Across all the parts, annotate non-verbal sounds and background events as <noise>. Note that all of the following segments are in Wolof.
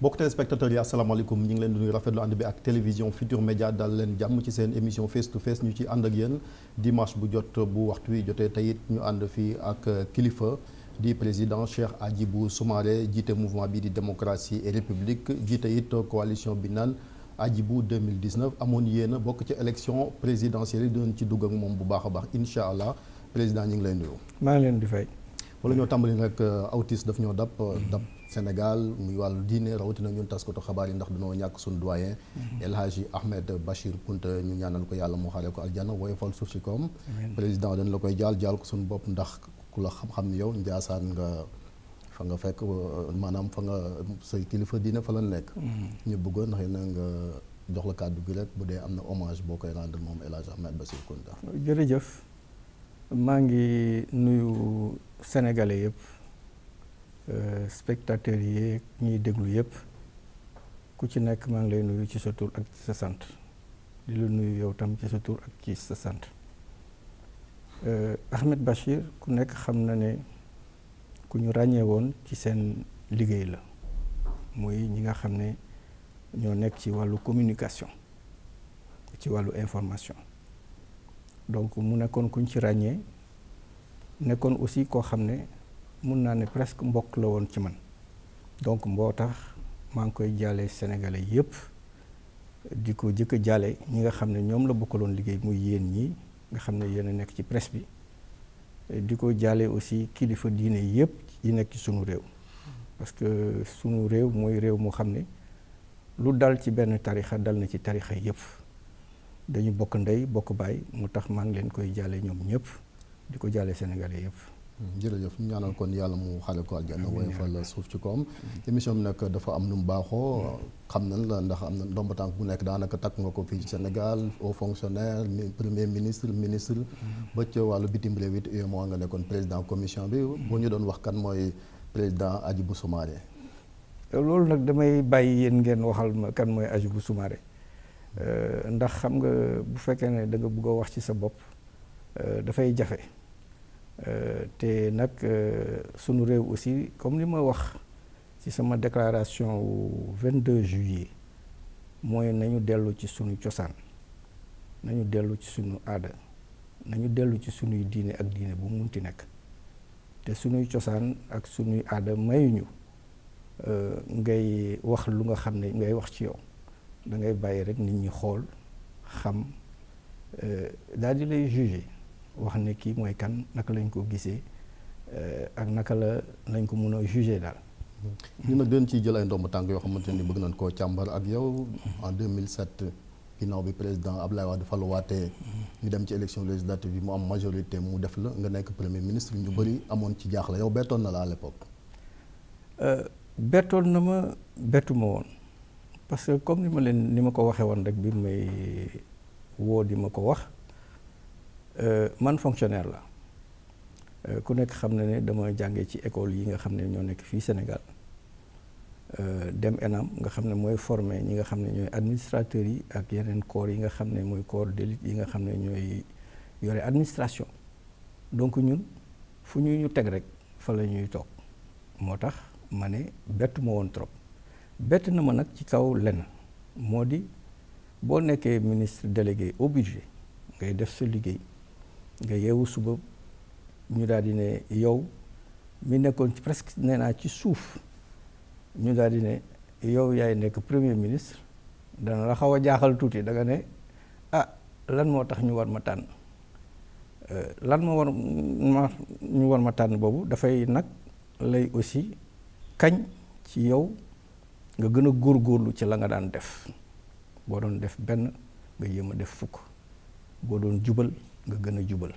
mbokk téléspectateurs yi asalaamaaleykum ñu ngi leen di nuyu rafetlu ànd bi ak télévision Futur Média dal leen jàmm ci seen émission face to face ñu ci ànd ak yéen dimanche bu jot bu waxtu wi jotee tey it ñu ànd fii ak kilifa di président Cheikh Hadjibou Soumaré jiite mouvement bi di démocratie et république jiite it coalition bi naan Hadjibou 2019 amoon yéen a bokk ci élection présidentielle yi doon ci dugg ak moom bu baax a baax incha allah président ñu ngi lay nuyu. maa ngi leen di fay. wala ñoo tàmbali nag euh, autis daf ñoo dab euh, dab. Sénégal mu wàllu diine rawatina ñun taskatu xabaar yi ndax noo ñàkk suñu doyen. Mhm. El Hadji Ahmed Bachir Kounta ñu ñaanal ko yàlla mu xaaree ko aljana woyofal suuf si koom. président dañ la koy jaal jaal ko suñu bopp ndax ku la xam-xam ni yow njaasaan nga. fa nga fekk maanaam fa nga say kilifa diine fa la nekk. Mhm. ñu bëggoon xëy na nga jox la kàddu gi rek bu dee am na hommage boo koy rendre moom El Hadji Ahmed Bachir Kounta. jërëjëf maa ngi nuyu sénégalais yëpp. Euh, spectateurs yi ñuy déglu yëpp ku ci nekk maa ngi lay nuyu ci sa tuur ak sa sant di la nuyu yow tam ci sa tur ak ci sa sant euh, Ahmed Bachir ku nekk xam na ne ku ñu ràññee woon ci seen liggéey la muy ñi nga xam ne ñoo nekk ci wàllu communication ci wàllu information donc mu nekkoon kuñ ci ràññee nekkoon aussi koo xam ne mun naa ne presque mbokk la woon ci man donc mboo tax maa ngi koy jaale sénégalais yëpp di ko jëkk a jaale ñi nga xam ne ñoom la bokkaloon liggéey muy yéen ñi nga xam ne yéen a nekk ci presse bi di ko jaale aussi kilifa diine yëpp yi nekk ci sunu réew parce que sunu réew mooy réew moo xam ne lu dal ci benn tarixa dal na ci tarixa yëpp dañu bokk ndey bokk baay mu tax maa ngi leen koy jaale ñoom ñëpp di ko jaale sénégalais yëpp jërëjëf ñu ñaanal kon yàlla mu xaare ko aljanna waaye fa la suuf ci koom émission bi nag dafa am nu mu baaxoo xam nañ la ndax am na ndomba tànk bu nekk daanaka takk nga ko fii Sénégal au fonctionnaire premier ministre ministre ba ca wàllu bitim réew it UEMOA nga nekkoon président commission bi boo ñu doon wax kan mooy président Hadjibou Soumaré loolu nag damay bàyyi yéen ngeen waxal ma kan mooy Hadjibou Soumaré euh, ndax xam nga bu fekkee ne da nga bëgg a wax ci sa bopp euh, dafay jafe Euh, te nag euh, sunu réew aussi comme li ma wax ci sama déclaration wu 22 juillet mooy nañu dellu ci sunu cosaan nañu dellu ci sunu aada nañu dellu ci sunuy diine ak diine bu munti nekk te sunuy cosaan ak sunuy aada mayuñu euh, ngay wax lu nga xam ne ngay wax ci yow da ngay bàyyi rek nit ñi xool xam daal di lay juger. wax ne kii mooy kan naka lañ ko gisee euh, ak naka la lañ ko mun a jugé daal. ñu nag dañ ciy jël ay ndomb tànk yoo xamante ni bëgg nañ koo càmbar ak yow. en 2007 ginnaaw bi président Ablaye Wade faluwaatee. ñu dem ci élection législative bi mu am majorité mu def la nga nekk premier ministre ñu bëri amoon ci jaaxle yow bettoon na la à l'époque. Euh, bettoon na ma bettu ma woon parce que comme ni ma leen ni ma ko waxee woon rek bi may woo di ma ko wax. Euh, man fonctionnaire la euh, ku nekk xam na ne dama jàngee ci école yi nga xam ne ñoo nekk fii Sénégal euh, dem ENAM nga xam ne mooy formé ñi nga xam ne ñooy administrateurs yi ak yeneen corps yi nga xam ne mooy corps d'élite yi nga xam ne ñooy yore administration donc ñun fu ñu ñu teg rek fa la ñuy toog moo tax ma ne bett ma woon trop bett na ma nag ci kaw lenn moo di boo nekkee ministre délégué au budget ngay def sa liggéey nga yeewu suba ñu daal di ne yow mi nekkoon ci presque nee naa ci suuf ñu daal di ne yow yaay nekk premier ministre dana la xaw a jaaxal tuuti da nga ne ah lan moo tax ñu war ma tànn euh, lan moo war ñu war ma tànn boobu dafay nag lay aussi kañ ci yow nga gën a góorgóorlu ci la nga daan def boo doon def benn nga jéem a def fukk boo doon jubal nga gën a jubal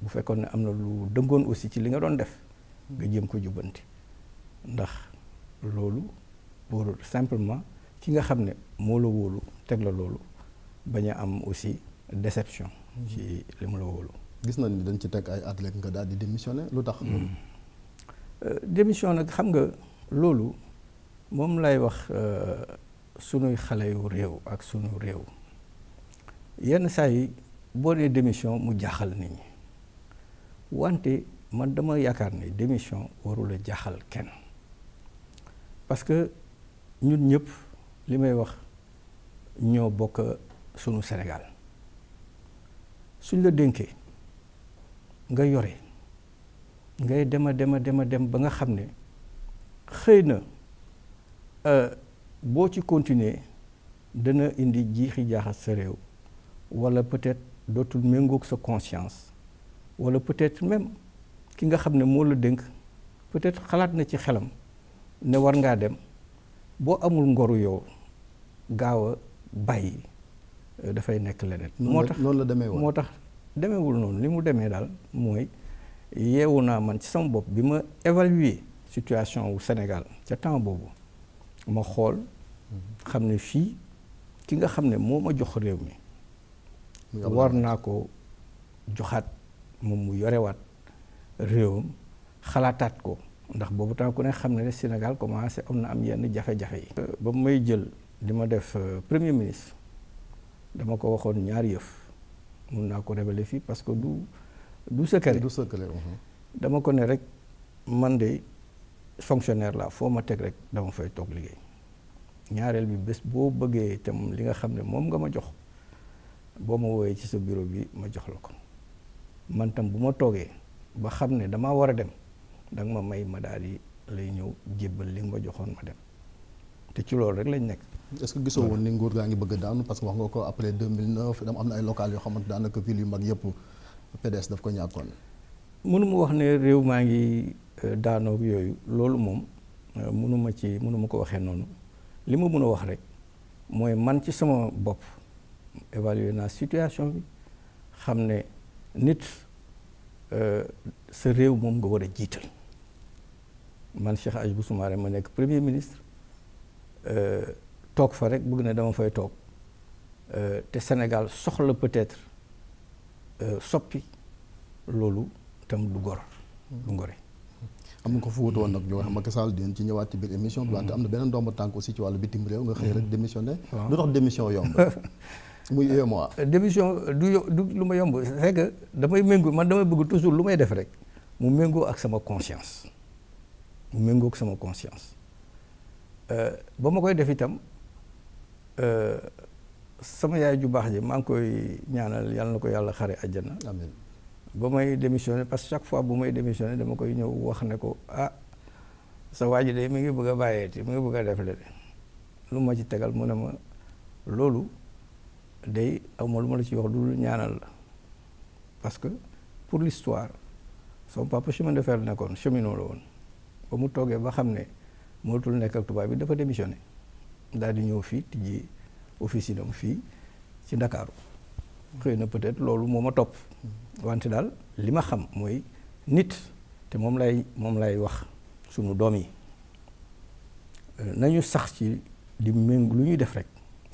bu fekkoon ne am na lu dëngoon aussi ci li nga doon def nga jëm ko jubbanti ndax loolu pour simplement ki nga xam ne moo la wóolu teg la loolu bañ a am aussi déception ci li mu la wóolu gis nañ ni dañ ci teg ay athlètes nga daal di démissionné lu tax hmm. euh, démission nag xam nga loolu moom lay wax euh, sunuy xale yu réew ak sunu réew yenn saa yi boo nee démission mu jaaxal nit ñi wante man dama yaakaar ne démission warul a jaaxal kenn parce que ñun ñëpp li may wax ñoo bokk sunu Sénégal suñ la dénkee nga yore ngay dem a dem a dem a dem ba nga xam ne xëy na euh, boo ci continuer dana indi jiixi jaaxal sa réew wala peut-être dootul méngoog sa conscience wala peut-être même ki nga xam ne moo la dénk peut-être xalaat na ci xelam ne war ngaa dem boo amul ngoru yow gaaw a bàyyi euh, dafay nekk leneen. moo tax loolu la demee moo tax demeewul noonu li mu demee daal mooy yeewu naa man ci sama bopp bi ma évaluer situation wu Sénégal ca temps boobu ma xool mhm. xam ne fii ki nga xam ne moo ma jox réew mi. war naa ko joxaat moom mu yorewaat réewam xalaataat ko ndax boobu temps ku ne xam ne Sénégal commencé am na am yenn jafe-jafe yi. Euh, ba may jël di ma def euh, premier ministre dama ko waxoon ñaari yëf mun naa ko révéler fii parce que du du secret. du secret uh-huh. dama ko ne rek man de fonctionnaire la foo ma teg rek dama fay toog liggéey ñaareel bi bés boo bëggee te moom li nga xam ne moom nga ma jox. boo ma wooyee ci sa bureau bi ma jox la ko man tam bu ma toogee ba xam ne damaa war a dem da ma may ma daal di lay ñëw jébbal li nga ma joxoon ma dem te ci loolu rek lañ nekk. est-ce que gisoo woon ni nguur gaa ngi bëgg daanu parce que wax nga ko après 2009 dama am na ay local yoo xamante daanaka ville yu mag yëpp PDS daf ko ñàkkoon. mënuma wax ne réew maa ngi euh, daanoog yooyu loolu moom euh, mënuma ci mënuma ko waxee noonu li ma mën a wax rek mooy man ci sama bopp. évaluer naa situation bi xam ne nit euh, sa réew moom nga war a jiital man Cheikh Hadjibou Soumaré ma nekk premier ministre euh, toog fa rek bëgg na dama fay toog euh, te Sénégal soxla peut-être soppi loolu tam du gor du ngore am na ko fu wutu woon nag ñoo xam Macky Sall dinañ ci ñëwaat ci biir émission bi wante mhm. am na beneen doomu tànk aussi bitim réew nga xëy mhm. rek démissionné lu tax démission yomb <laughs> muy UEMOA. Euh, démission euh, du yo du lu ma yomb c'est damay méngoo man damay bëgg toujours lu may def rek mu méngoo ak sama conscience mu méngoo ak sama conscience euh, ba ma koy def itam sama yaay ju baax ji maa ngi koy ñaanal yàlla na ko yàlla xare àjjana. amiin ba may démissionné parce que chaque fois bu may démissionné dama koy ñëw wax ne ko ah sa waa ji de mi ngi bëgg a bàyyeeti mi ngi bëgg a def lu ma ci tegal mu ne ma loolu. day amul lu ma la ci wax lu ñaanal la parce que pour l'histoire son papa chemin de fer nekkoon cheminot la woon ba mu toogee ba xam ne mënatul nekk ak tubaab bi dafa démissionné daal di ñëw fii tijji officine am fii ci Ndakaaru xëy na peut-être loolu moo ma topp wante daal li ma xam mooy nit te moom lay moom lay wax sunu doom yi euh, nañu sax ci di méng lu ñuy def rek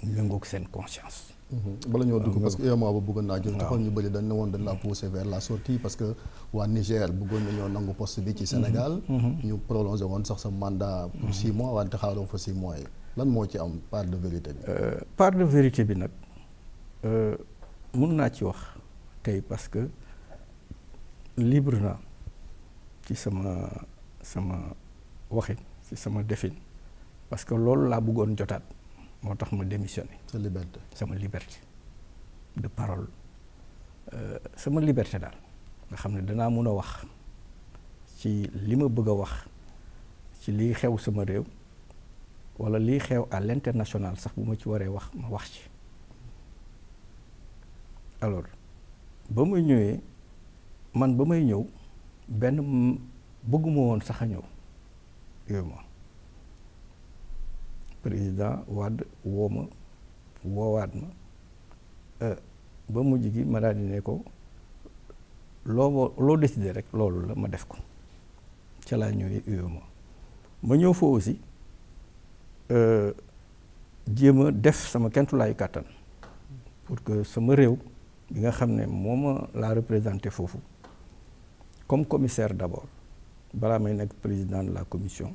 méngoog seen conscience Mhm. bala ñoo dugg euh, parce que UEMOA ba bëggoon naa jël taxoon ñu bëri dañ ne woon dañ la poussé vers la sortie parce que waa Niger bëggoon nañoo nangu poste bi ci mhm. Sénégal mhm. ñu prolongé woon sax sa mandat pour mois wante xaaroo fa six mois yi lan moo ci am part de vérité bi euh, part de vérité bi nag euh, mun naa ci wax tey parce que libre na ci sama sama waxin ci sama defin parce que loolu laa bëggoon jotaat moo tax ma démissionné. sa liberté sama liberté de parole euh, sama liberté daal nga xam ne danaa mun a wax ci li ma bëgg a wax ci liy xew sama réew wala liy xew à l'international sax bu ma ci waree wax ma wax ci alors ba muy ñëwee man ba may ñëw benn bëgguma woon sax a ñëw yooyu moom président Wade woo ma woowaat ma euh, ba mujj gi ma daal di ne ko loo loo décidé rek loolu la ma def ko ca laa ñëwee UEMOA ma ma ñëw foo aussi euh, jéem a def sama kentulaayu kàttan pour que sama réew bi nga xam ne moom ma laa représenté foofu comme commissaire d'abord balaa may nekk président de la commission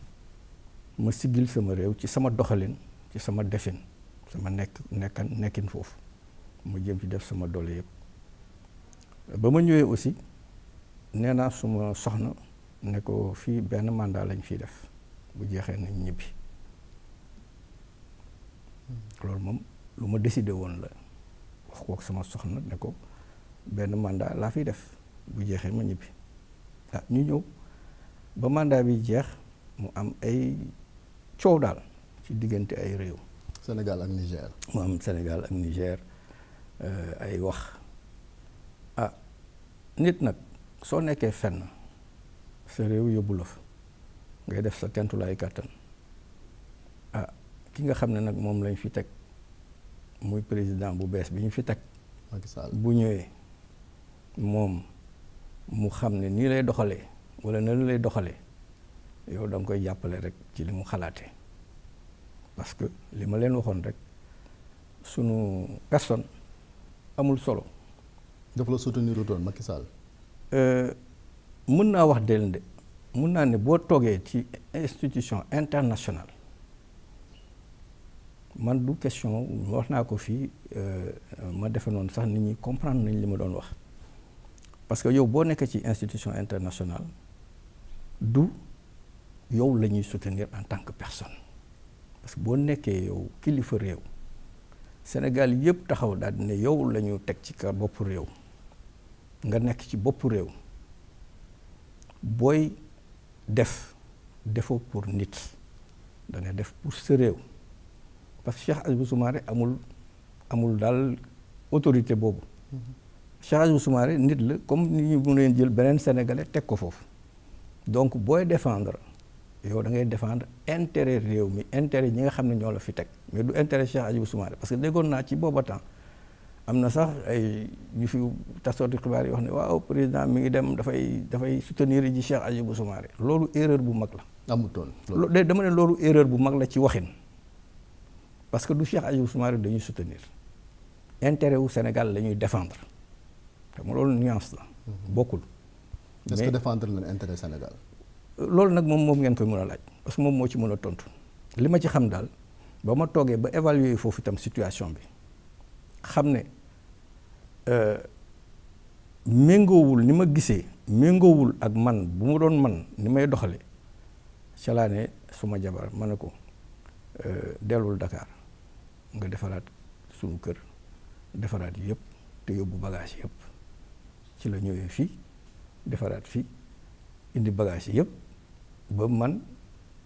ma siggil sama réew ci sama doxalin ci sama defin sama nekk nekkan nekkin foofu mu jëm ci def sama doole yëpp ba ma ñëwee aussi nee naa suma soxna ne ko fii benn mandat lañ fiy def bu jeexee nañ ñibbi loolu moom lu ma décidé woon la wax ko ak sama soxna ne ko benn mandat laa fiy def bu jeexee ma ñibbi ah ñu ñëw ba màndaa bi jeex mu am ay coow daal ci diggante ay réew. Sénégal ak Niger. mu am Sénégal ak Niger euh, ay wax ah nit nag soo nekkee fenn sa réew yóbbu la fa ngay def sa kentulaay kàttan a ah, ki nga xam ne nag moom lañ fi teg muy président bu bees bi ñu fi teg. bu ñëwee moom mu xam ne nii lay doxalee wala nan lay doxalee. yow da koy jàppale rek ci li mu xalaatee parce que li ma leen waxoon rek sunu personne amul solo. dafa la soutenir doon Macky Sall. Euh, mën naa wax déllu de mën naa ne boo toogee ci institution international man du question wax naa ko fii euh, ma defe noonu sax nit ñi comprendre nañ li ma doon wax parce que yow boo nekkee ci institution international du. yow la ñuy soutenir en tant que personne parce que boo nekkee yow kilifa réew Sénégal yëpp taxaw daal di ne yow la teg ci ka bopp réew nga nekk ci bopp réew booy def defoo pour nit da nga def pour sa réew parce que Cheikh Hadjibou Soumaré amul amul daal autorité boobu mm-hmm. Cheikh Hadjibou Soumaré nit la comme ni ñu mën leen jël beneen sénégalais teg ko foofu donc booy défendre. yow da ngay défendre intérêt réew mi intérêt ñi nga xam ne ñoo la fi teg mais du intérêt Cheikh Hadjibou Soumaré parce que déggoon naa ci booba temps am na sax ay ñu fi tasooti xibaar yi wax ne waaw président mi ngi dem dafay dafay soutenir ji Cheikh Hadjibou Soumaré loolu erreur bu mag la. amutoon loolu dama ne loolu erreur bu mag la ci waxin parce que du Cheikh Hadjibou Soumaré dañuy soutenir intérêt wu Sénégal la ñuy défendre xam loolu nuance la mm-hmm. bokkul. mais est def que défendre nañ Sénégal. loolu nag moom moom ngeen koy mën a laaj parce que moom moo ci mën a tontu li ma ci xam daal ba ma toogee ba évaluer foofu tam situation bi xam ne euh, méngoowul ni ma gisee méngoowul ak man bu ma doon man ni may doxale ca laa ne suma jabar ma ne ko euh, dellul dakaar nga defaraat suñu kër defaraat yëpp te yóbbu bagage yëpp ci la ñëwee fii defaraat fii indi bagage yëpp ba man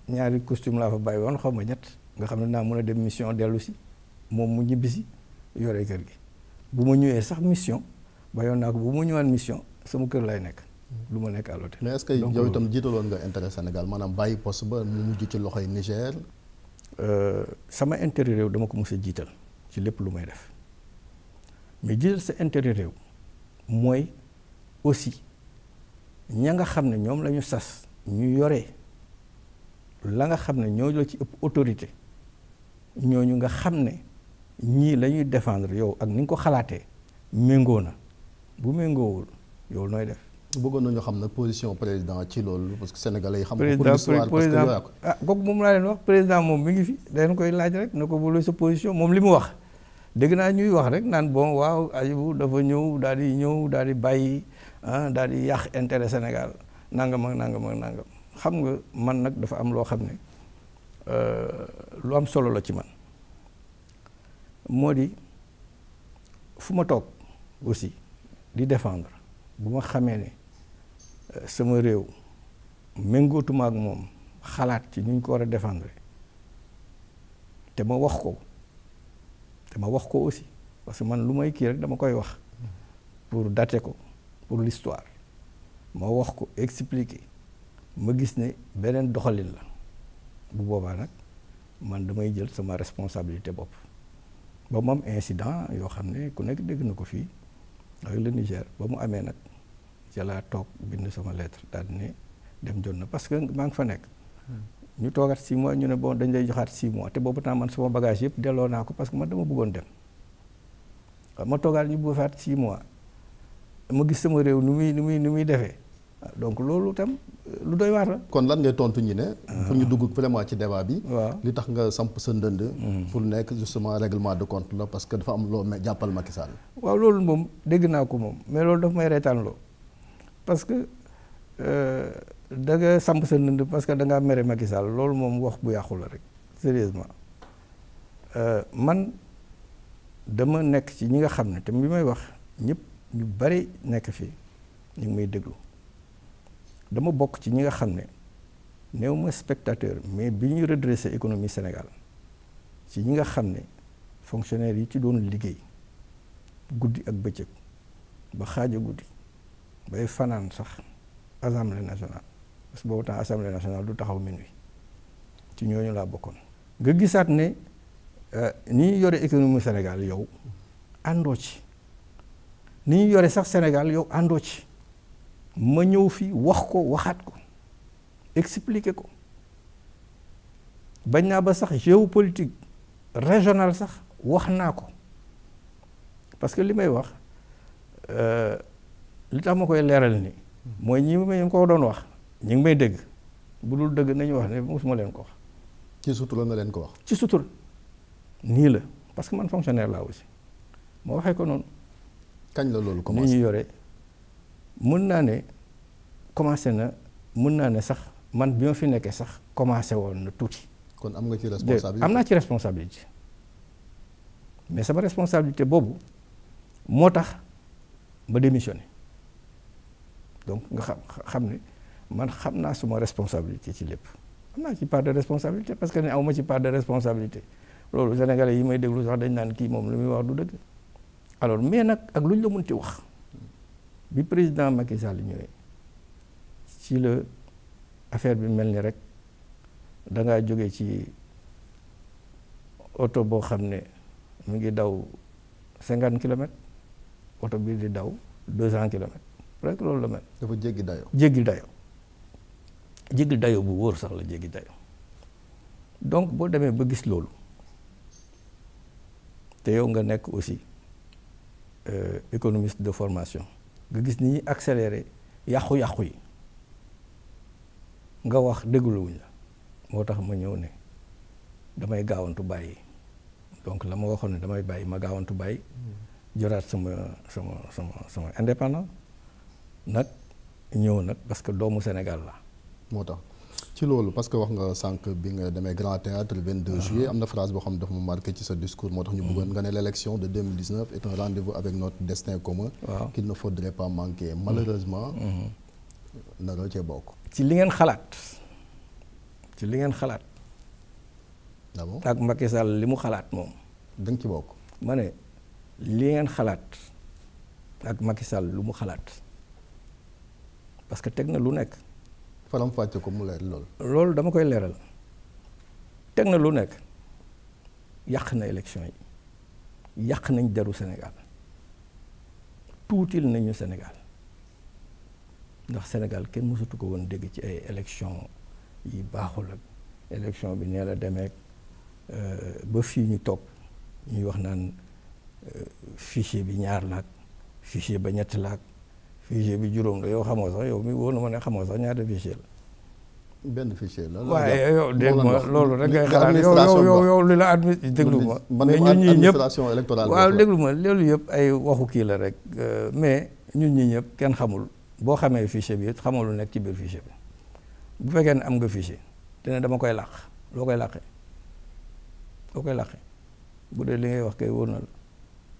ñaari costume laa fa bàyyi woon xaw ma ñett nga xam ne naa mën a dem mission dellu si moom mu ñibbisi yore kër gi bu ma ñëwee sax mission bàyyoon naa ko bu ma ñëwaan mission sama kër lay nekk lu ma nekk à l'hôtel mais est-ce que yow euh, itam jiitaloon nga intérêt senegal maanaam bàyyi poste ba mu mujj ci loxoy Niger euh, sama intérêt réew dama ko mos jiital ci lépp lu may def mais jiital sa intérêt réew mooy aussi ña nga xam ne ñoom lañu sas ñu yore la nga xam ne ñoo la ci ëpp autorité ñooñu nga xam ne ñii la ñuy yow ak ni nga ko xalaatee méngoo na bu méngoowul yow nooy def. bëggoon nañu xam nag position président ci loolu parce que sénégalais yi xam nga. président président ah kooku moom laa leen wax président moom mi ngi fi dañ koy laaj rek na ko bu sa position moom li mu wax. dégg naa ñuy wax rek naan bon waaw Hadjibou dafa ñëw daal di ñëw daal di bàyyi ah daal di yàq intérêt Sénégal nangam nàngama nangam xam nga man nag dafa am loo xam ne euh, lu am solo la ci man moo di fu ma toog aussi di défendre bu ma xamee ne euh, sama réew méngootuma ak moom xalaat ci ñu ko war a défendre te ma wax ko te ma wax ko aussi parce que man lu may kii rek dama koy wax pour dater ko pour l'histoire ma wax ko expliquer ma gis ne beneen doxalin la bu boobaa nag man damay jël sama responsabilité bopp ba mu incident yoo xam ne ku nekk dégg na ko fii ak le Niger ba mu amee nag ca laa toog bind sama lettre daal ne dem jot na parce que maa ngi fa nekk. ñu toogaat six mois ñu ne bon dañ lay joxaat six mois te boobu temps man sama bagage yëpp delloo naa ko parce que man dama bëggoon dem ma toogaat ñu bëgg faat six mois ma gis sama réew nu muy nu muy nu muy defee Euh, donc loolu itam euh, lu doy waar la. kon lan ngay tontu ñi ne. Ah. pour ñu dugg vraiment ci débat bi. waaw li tax nga samp sa ndënd. Hmm. pour nekk justement règlement de compte la parce que dafa am loo jàppal Macky loolu moom dégg naa ko moom mais loolu daf may reetaan loo parce que euh, da nga samp sa ndënd parce que da ngaa mere Macky Sall loolu moom wax bu yàqu la rek sérieusement man dama nekk ci ñi nga xam ne te bi may wax ñëpp ñu bari nekk fii ñu ngi may déglu. dama bokk ci ñi nga xam ne néew ma spectateur mais bi ñu redressé économie Sénégal ci ñi nga xam ne fonctionnaires yi ci doon liggéey guddi ak bëccëg ba xaaja guddi bay fanaan sax assemblée nationale parce que boobu temps assemblée nationale du taxaw minuit ci ñooñu laa bokkoon. nga gisaat ne euh, ni ñu yore économie Sénégal yow àndoo ci ni ñu yore sax Sénégal yow àndoo ci. ma ñëw fi wax ko waxaat ko expliquer ko bañ naa ba sax géopolitique régional sax wax naa ko parce que li may wax euh, li tax ma koy leeral ni mooy ñi ma ko doon wax ñi ngi may dégg bu dul dëgg nañu wax ne mosuma leen ko wax. ci sutura nga leen ko wax. ci sutura nii la parce que man fonctionnaire laa aussi moo waxee ko noonu. kañ la loolu commencé ni ñu yore. mën naa ne commencé na mun naa ne sax man bi ma fi nekkee sax commencé woon na tuuti. kon am nga ci responsabilité am naa ci responsabilité mais sama responsabilité boobu moo tax ba démissionné donc nga xam xam ne man xam naa suma responsabilité ci lépp am naa ci part de responsabilité parce que ne awma ci part de responsabilité loolu sénégalais yi may déglu sax dañ naan kii moom lu muy wax du dëgg alors mais nag ak ñu la mun mënti wax. bi président Macky Sall ñëwee ci la affaire bi mel ni rek da ngaa jóge ci oto boo xam ne mu ngi daw cinquante kilomètres oto bi di daw deux cent kilomètres rek loolu la mel. dafa jéggi dayoo jéggi dayoo dayoo bu wóor sax la jéggi dayoo donc boo demee ba gis loolu te yow nga nekk aussi euh, économiste de formation. nga gis ni ñuy accéléré yàqu-yàqu yi nga wax dégluwuñ la moo tax ma ñëw ne damay gaawantu bàyyi donc la ma waxoon ne damay bàyyi ma gaawantu bàyyi hmm. joraat sama sama sama sama indépendant nag ñëw nag parce que doomu Sénégal la moo tax ci loolu parce que wax nga sànq bi nga demee Grand Théâtre 22 ah. juillet am na phrase boo xam ne dafa ma marqué ci sa discours moo tax ñu bëggoon mm. nga ne l' élection de 2019 est un rendez-vous avec notre destin commun qu'il ne faudrait pas manquer malheureusement mm. mm-hmm. naroo cee bokk ci li ngeen xalaat ci li ngeen xalaat d'abord ah ak Macky Sall li mu xalaat moom da ci bokk ma ne li ngeen xalaat ak Macky Sall lu mu xalaat parce que teg na lu nekk faram fàcce ko mu leer loolu. loolu dama koy leeral teg na lu nekk yàq na élection yi yàq nañ deru Sénégal tuutil nañu Sénégal ndax Sénégal kenn mësatu ko woon dégg ci ay élection yi baaxul ak élection bi nee la demee euh, ba fii ñu toog ñuy wax naan euh, fichier bi ñaar laak fichier ba ñett laak fichier bi juróom la yow xamoo sax yow mi wóor na ma ne xamoo sax ñaata fichier la. benn fichier la. waaye yow dégg ma loolu rek ngay xalaat yow yow yow yow li la administration déglu ma. mais ñun ñii ñëpp waaw déglu ma loolu yëpp ay waxu kii la rek euh, mais ñun ñii ñëpp kenn xamul boo xamee fichier bi it xamoo lu nekk ci biir fichier bi bu fekkee ne am nga fichier te ne dama koy làq loo koy làqee loo koy làqee bu dee li ngay wax kay wóor na la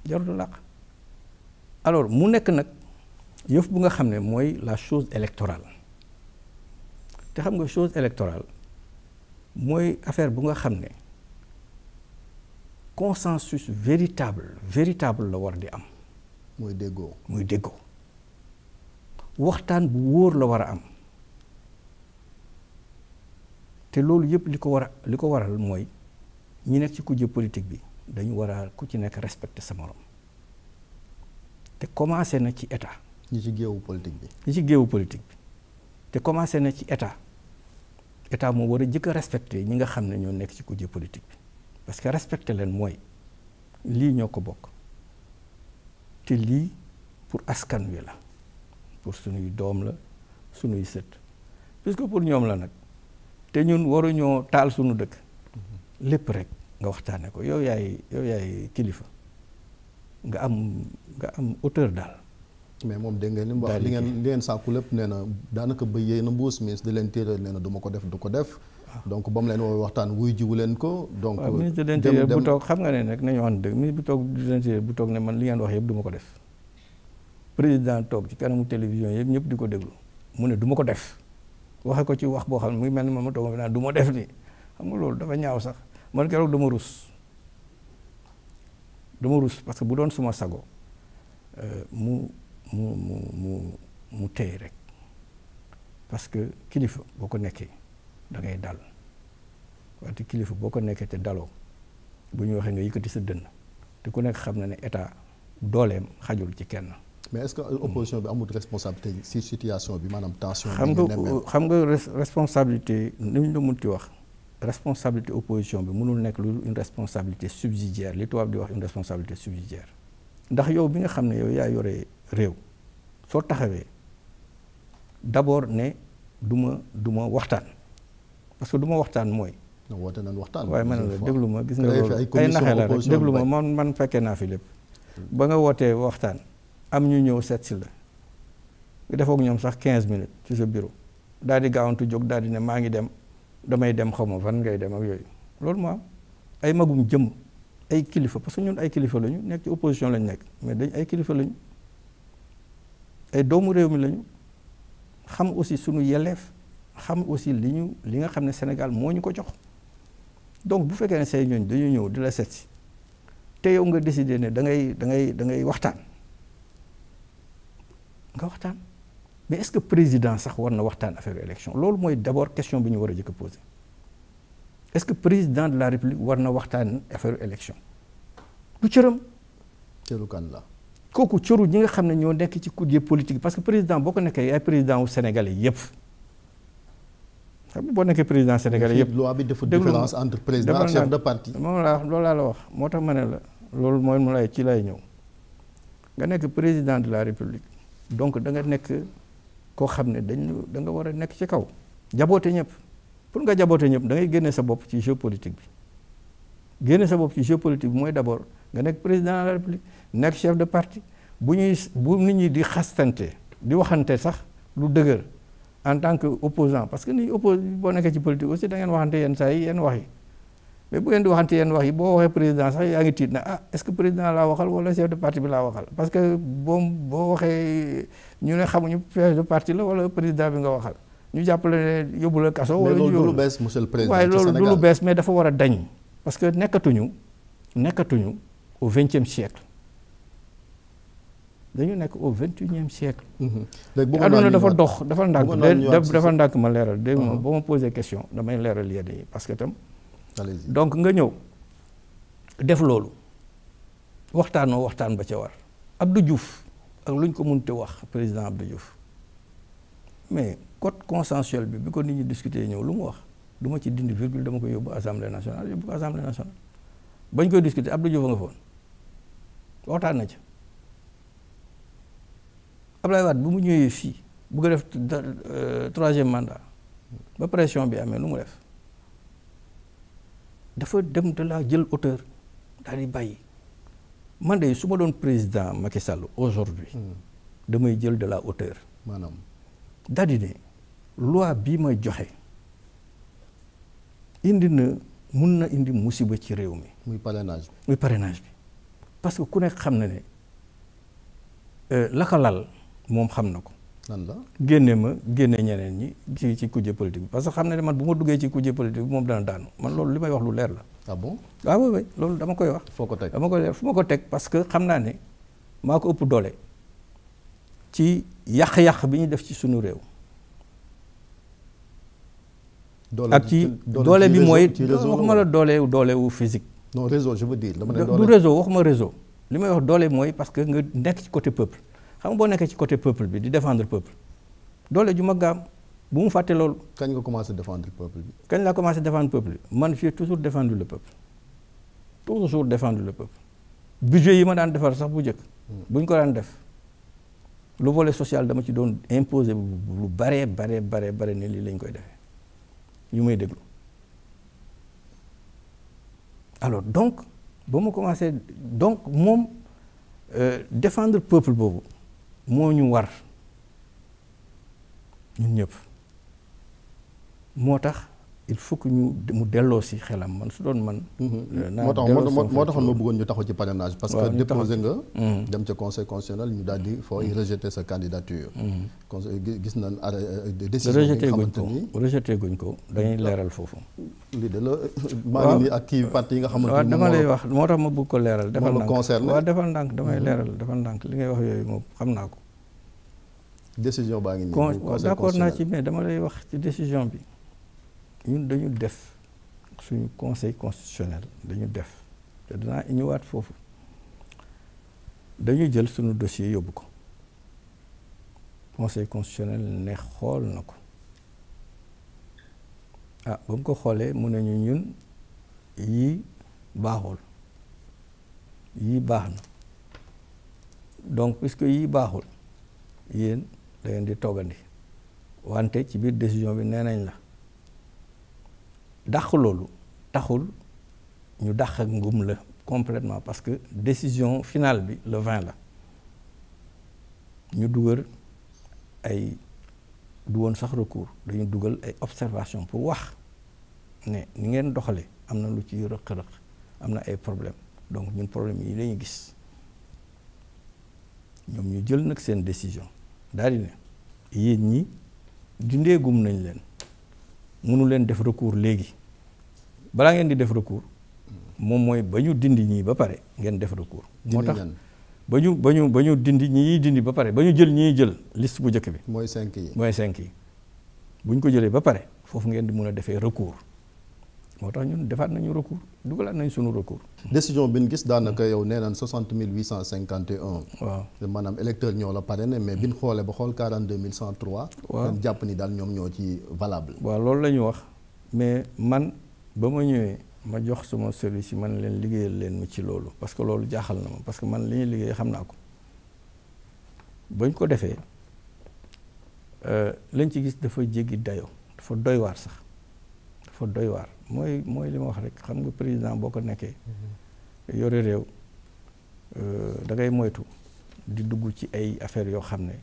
jarutu làq alors mu nekk nag. yëf bu nga xam ne mooy la chose électorale te xam nga chose électorale mooy affaire bu nga xam ne consensus véritable véritable la war di am. mooy déggoo mooy déggoo waxtaan bu wóor la war a am te loolu yëpp li ko war a li ko waral mooy ñi nekk ci ku kujje politique bi dañu war a ku ci nekk respecter sa morom te commencé na ci état. ñi ci géewu politique bi. ñi géewu politique te commencé na ci état état moo war a jëkk a ñi nga xam ne ñoo nekk ci kujje politique bi parce que respecté leen mooy lii ñoo ko bokk te lii pour askan wi la pour suñuy doom la sunuy sët puisque pour ñoom la nag te ñun waruñoo taal suñu dëkk lépp rek nga waxtaane ko yow yaay yow yaay kilifa nga am nga am hauteur daal. mais moom dégg ngeen li mu wax li ngeen li ngeen sàkku lépp nee na daanaka ba yéen a mbuus ministre de l'intérieur nee na du ma ko def du ko def ah. donc ba mu leen woo waxtaan wuy jiwu leen ko donc waaw ministre de l'intérieur bu toog xam nga ne nag nañu wax dëgg ministre bu toog de l'intérieur bu toog ne man li ngeen wax yëpp du ma ko def président toog ci kanamu télévision yëpp ñëpp di ko déglu mu ne duma ko def waxe ko ci wax boo xam ne mu mel ni man ma toog fi naan du ma def ni xam nga loolu dafa ñaaw sax man keroog dama rus dama rus parce que bu doon suma sago euh, mu mu mu mu téye rek parce que kilifa boo ko nekkee dangay ngay dal wante kilifa boo ko nekkee te daloo bu ñu waxee nga yëkkati sa dënn te ku nekk xam na ne état dooleem xajul ci kenn. mais est-ce que opposition bi amul responsabilité si situation bi maanaam tension. xam nga xam nga responsabilité ni ñu la munti wax. responsabilité opposition bi mënul nekk lu une responsabilité subsidiaire li tubaab di wax une responsabilité subsidiaire ndax yow bi nga xam ne yow yaa yore. réew soo taxawee d'abord ne du ma du ma waxtaan parce que du ma waxtaan mooy. woote nañ waxtaan. waaye man la déglu ma gis nga loolu ay naxee la rek déglu ma man man fekkee naa fi lépp. Hmm. ba nga wootee waxtaan am ñu ñëw seet si la nga defoog ñoom sax quinze minutes ci sa bureau daal di gaawantu jóg daal di ne maa ngi dem damay dem xaw ma fan ngay dem ak yooyu loolu moo am ay magum jëm ay kilifa parce que ñun ay kilifa lañu nekk ci opposition lañu nekk mais dañ ay kilifa lañu. ay doomu réew mi lañu xam aussi sunu yelleef xam aussi li ñu li nga xam ne Sénégal moo ñu ko jox donc bu fekkee ne say ñooñ dañu ñëw di la seet si te yow nga décider ne da ngay da ngay da ngay waxtaan nga waxtaan mais est-ce que président sax war na waxtaan affaire élection loolu mooy d'abord question bi ñu war a jëkk poser est-ce que président de la république war na waxtaan affaire élection du cëram cëru la kooku cëru ñi nga xam ne ñoo nekk ci kujje politique parce que président boo ko nekkee ay président wu sénégalais boo nekkee président sénégalais yëpp. loi bi dafa différence entre président ak chef de parti. moom laa wax loolu laa la wax moo tax ma ne la loolu mooy mu lay ci lay ñëw nga nekk président de la république donc da nga nekk koo xam ne dañ da nga war a nekk ci kaw. jaboote ñëpp pour nga jaboote ñëpp dangay génne sa bopp ci jeu politique bi génne sa bopp ci jeu bi mooy d' abord. nga nekk président de la république nekk chef de parti bu ñuy bu nit ñi di xastante di waxante sax lu dëgër en tant que opposant parce que nit ñi oppose boo nekkee ci politique aussi da ngeen waxante yenn saa yi yenn wax yi mais bu ngeen di waxante yenn wax yi boo waxee président sax yaa ngi tiit na ah est-ce que président laa waxal wala chef de parti bi laa waxal parce que boom boo waxee ñu ne xamuñu chef de parti la wala président bi nga waxal ñu jàppale ne yóbbu la kaso. wala ñu yóbbu waaye loolu lu bees mais dafa war a dañ. parce que nekkatuñu nekkatuñu. au vingtième siècle dañu nekk au vingt unième siècle. Mhm. léegi àdduna dafa dox dafa ndànk dafa ndànk ma leeral. dégg nga mhm. ba ma posé question damay leeral yenn yi parce que tam. donc nga ñëw def loolu waxtaanoo waxtaan ba ca war. Abdou Diouf ak lu ñu ko mun te wax président Abdou Diouf mais code consensuel bi bi ko nit ñi discuter ñëw lu mu wax du ma ci dindi virgule dama ko yóbbu assemblée nationale yóbbu ko assemblée nationale bañ koy discuter Abdou Diouf a nga foon. waxtaan na ci Ablaye Wade bu mu ñëwee fii bëgg a def euh, troisième mandat ba pression bi amee nu mu def dafa dem de la jël auteur daal bàyyi man de su ma doon président Macky Sall aujourd'hui hmm. damay jël de la hauteur. maanaam daal di ne loi bii may joxe indi na mun na indi musiba ci réew mi. muy parrainage muy parrainage bi. parce que ku nekk xam na ne euh, la ko lal moom xam na ko. lan la génne ma génne ñeneen ñi ci ci kujje politique bi parce que xam na ne man bu ma duggee ci kujje politique bi moom dana daanu man loolu li may wax lu leer la. ah bon ah loolu dama koy wax. foo ko teg dama koy leer fu ma ko teg parce que xam naa ne maa ko ëpp doole ci yàq-yàq bi ñu def ci suñu réew. ak ci doole bi mooy waxuma la doole doole wu physique. non réseau je veux dama ne doole du réseau waxuma réseau. li may wax doole mooy parce que nga nekk ci côté peuple xam nga boo nekkee ci côté peuple bi di défendre peuple doole ju mag nga bu mu fàtte loolu. kañ nga commencé défendre peuple kañ laa commencé défendre peuple bi man j'ai toujours défendu le peuple toujours défendu le peuple budget yi ma daan defar sax bu njëkk. Hmm. buñ ko daan def lu volet social dama ci doon imposer lu bare bare bare bare ne lii lañ koy defee ñu may déglu. alors donc ba mu commencé donc moom euh, défendre peuple boobu moo ñu war ñun ñëpp moo tax il faut ñu mu delloo si xelam man su doon man. Mhm. Euh, moo tax moo taxoon ma bëggoon ñu taxaw ci parrainage. parce que déposé nga. Mhm. dem ca conseil constitutionnel di mhm. fooy rejeter sa candidature. conseil gis nañ arrêt euh, euh, décision yi nga xamante ni rejeter guñ ko dañuy leeral foofu. lii de la maa ngi nii yi nga xamante ni waaw dama lay wax moo tax ma bugg ko leeral. defal ndànk waaw defal ndànk damay leeral defal ndànk li ngay wax yooyu moom xam naa ko. décision baa ngi nii. conseil constitutionnel d'accord naa ci mais dama lay wax ci décision bi. ñun dañu def suñu conseil constitutionnel dañu def te dinaa ñëwaat foofu dañu jël suñu dossier yóbbu ko conseil constitutionnel ne xool na ko ah ba mu ko xoolee mun ne ñu ñun yii baaxul yii baax na donc puisque yii baaxul yéen da ngeen di toggandi wante ci biir décision bi nee nañ la dàq loolu taxul ñu dàq ak ngum la completement parce que décision finale bi le 20 la ñu dugal ay du woon sax recours dañu dugal ay observation pour wax ne ni ngeen doxale am na lu ci rëq-rëq am na ay problème donc ñun problème yi lañu gis ñoom ñu jël nag seen décision daal di ne yéen ñi dundeegum nañ leen mënu leen def recours léegi balaa ngeen di def recours moom mooy ba ñu dindi ñii ba pare ngeen def recours. moo tax ba ñu ba ñu ba ñu dindi ñii dindi ba pare ba ñu jël ñii jël list bu njëkk bi. mooy cinq yi mooy yi bu ñu ko jëlee ba pare foofu ngeen di mun a defee recours. moo tax ñun defaat nañu recours dugalaat nañ suñu recours. décision bi ñu gis daanaka yow nee naan mille huit et un. waaw maanaam électeurs ñoo la ne mais bi ñu xoolee ba xool quarante deux mille cent trois. waaw jàpp ni daal ñoom ñoo ci valable. waaw loolu la ñu wax mais man ba ma ñëwee ma jox suma service yi man leen liggéeyal leen ma ci loolu parce que loolu jaaxal na ma parce que man li ñuy liggéey xam naa ko bañ ko defee euh, lañ ci gis dafa jéggi dayoo dafa doy waar sax. dafa doy waar mooy mooy li ma wax rek xam nga président boo ko nekkee mhm. yore réew euh, da ngay moytu di dugg ci ay affaires yoo xam ne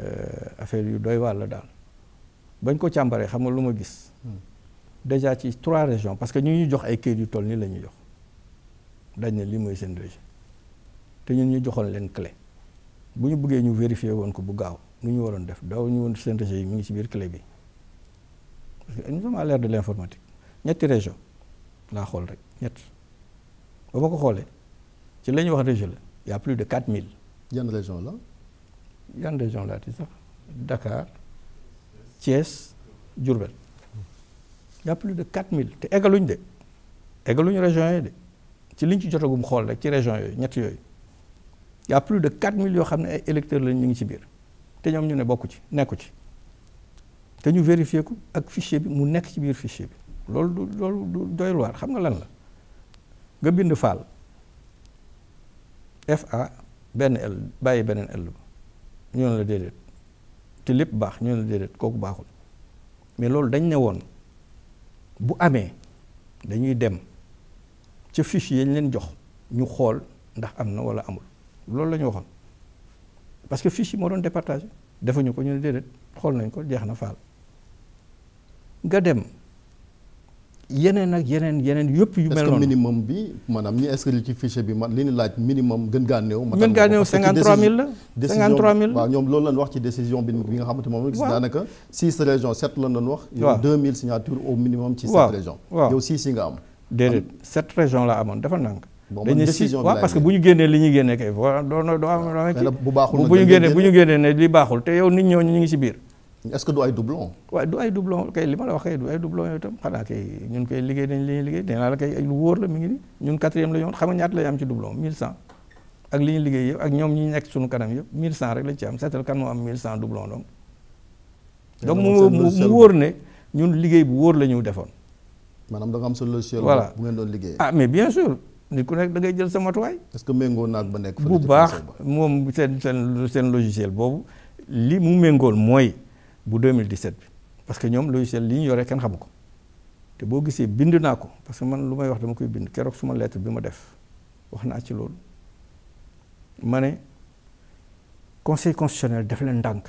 euh, affaire yu doy waar la daal bañ ko càmbaree xam nga lu ma gis hmm. déjà ci trois régions parce que ñu ñu jox ay kayit yu toll nii la ñu jox dañ ne lii mooy seen région te ñun ñu joxoon leen cle bu ñu buggee ñu vérifier woon ko bu gaaw nu ñu waroon def daw ñu woon seen région yi mu ngi ci biir cle bi nous sommes à l'ère de l'informatique ñetti région laa xool rek ñett ba ko xoolee ci la ñuy wax région la y a plus de 4000. yan région la. yan région laa ti sax Dakar Thiès Diourbel y a plus de 4000 te eggaluñ de eggaluñ région yooyu de ci liñ ci jotagum xool rek ci région yooyu ñett yooyu y a plus de 4000 yoo xam ne ay électeurs lañ ñu ngi ci biir te ñoom ñu ne bokku ci nekku ci. te ñu vérifier ko ak fichier bi mu nekk ci biir fichier bi loolu du loolu du doy waar xam nga lan la nga bind faal fa benn L bàyyi beneen L ñoo ne la déedéet te lépp baax ñu ne la déedéet kooku baaxul mais loolu dañ ne woon bu amee dañuy dem ca fichier yañ leen jox ñu xool ndax am na wala amul loolu la ñu waxoon parce que fichier moo doon départage defuñu ko ñu ne déedéet xool nañ ko jeex na faal nga dem yeneen ak yeneen yeneen yëpp yu mel noonu est-ce que minimum bi maanaam ñi inscrit ci fichier bi man li ñu laaj minimum gën gaa néew. gën gaa néew 53000 la. 53000 waaw ñoom loolu lañ wax ci décision bi bi nga xamante moom la gis. daanaka 6 régions 7 lañ doon wax. waaw yow 2000 signatures au minimum. ci 7 régions waaw yow 6 yi nga am. déedéet 7 régions la amoon dafa nànk. bon man décision bi parce que bu ñu génnee li ñuy génnee kay doo doo am. bu baaxul bu ñu génnee bu ñu génnee ne li baaxul te yow nit ñooñu ñu ngi ci biir est-ce que du ay doublon. waaw du ay doublon kay li ma la wax kay du ay doublon yooyu itam xanaa kay ñun kay liggéey dañ li ñuy liggéey nee la kay lu wóor la mi ngi nii ñun quatrième la yoon xam nga ñaata am ci doublon 1100. ak li ñu liggéey yëpp ak ñoom ñu nekk suñu kanam yëpp 1100 rek lañ ci am seetal kan moo am 1100 doublon donc. mu mu wóor ne ñun liggéey bu wóor la ñu defoon. maanaam da am sa logiciel. voilà bu ngeen doon liggéey. ah mais bien sûr nit ku nekk da ngay jël sa matuwaay. est-ce que méngoo naag ba nekk. bu baax moom seen seen seen logiciel boobu li mu méngool mooy bu 2017 bi parce que ñoom logiciel li ñu yoree kenn xamu ko te boo gisee bind naa ko parce que man lu may wax dama koy bind keroog suma lettre bi ma def wax naa ci loolu ma ne conseil constitutionnel def leen ndànk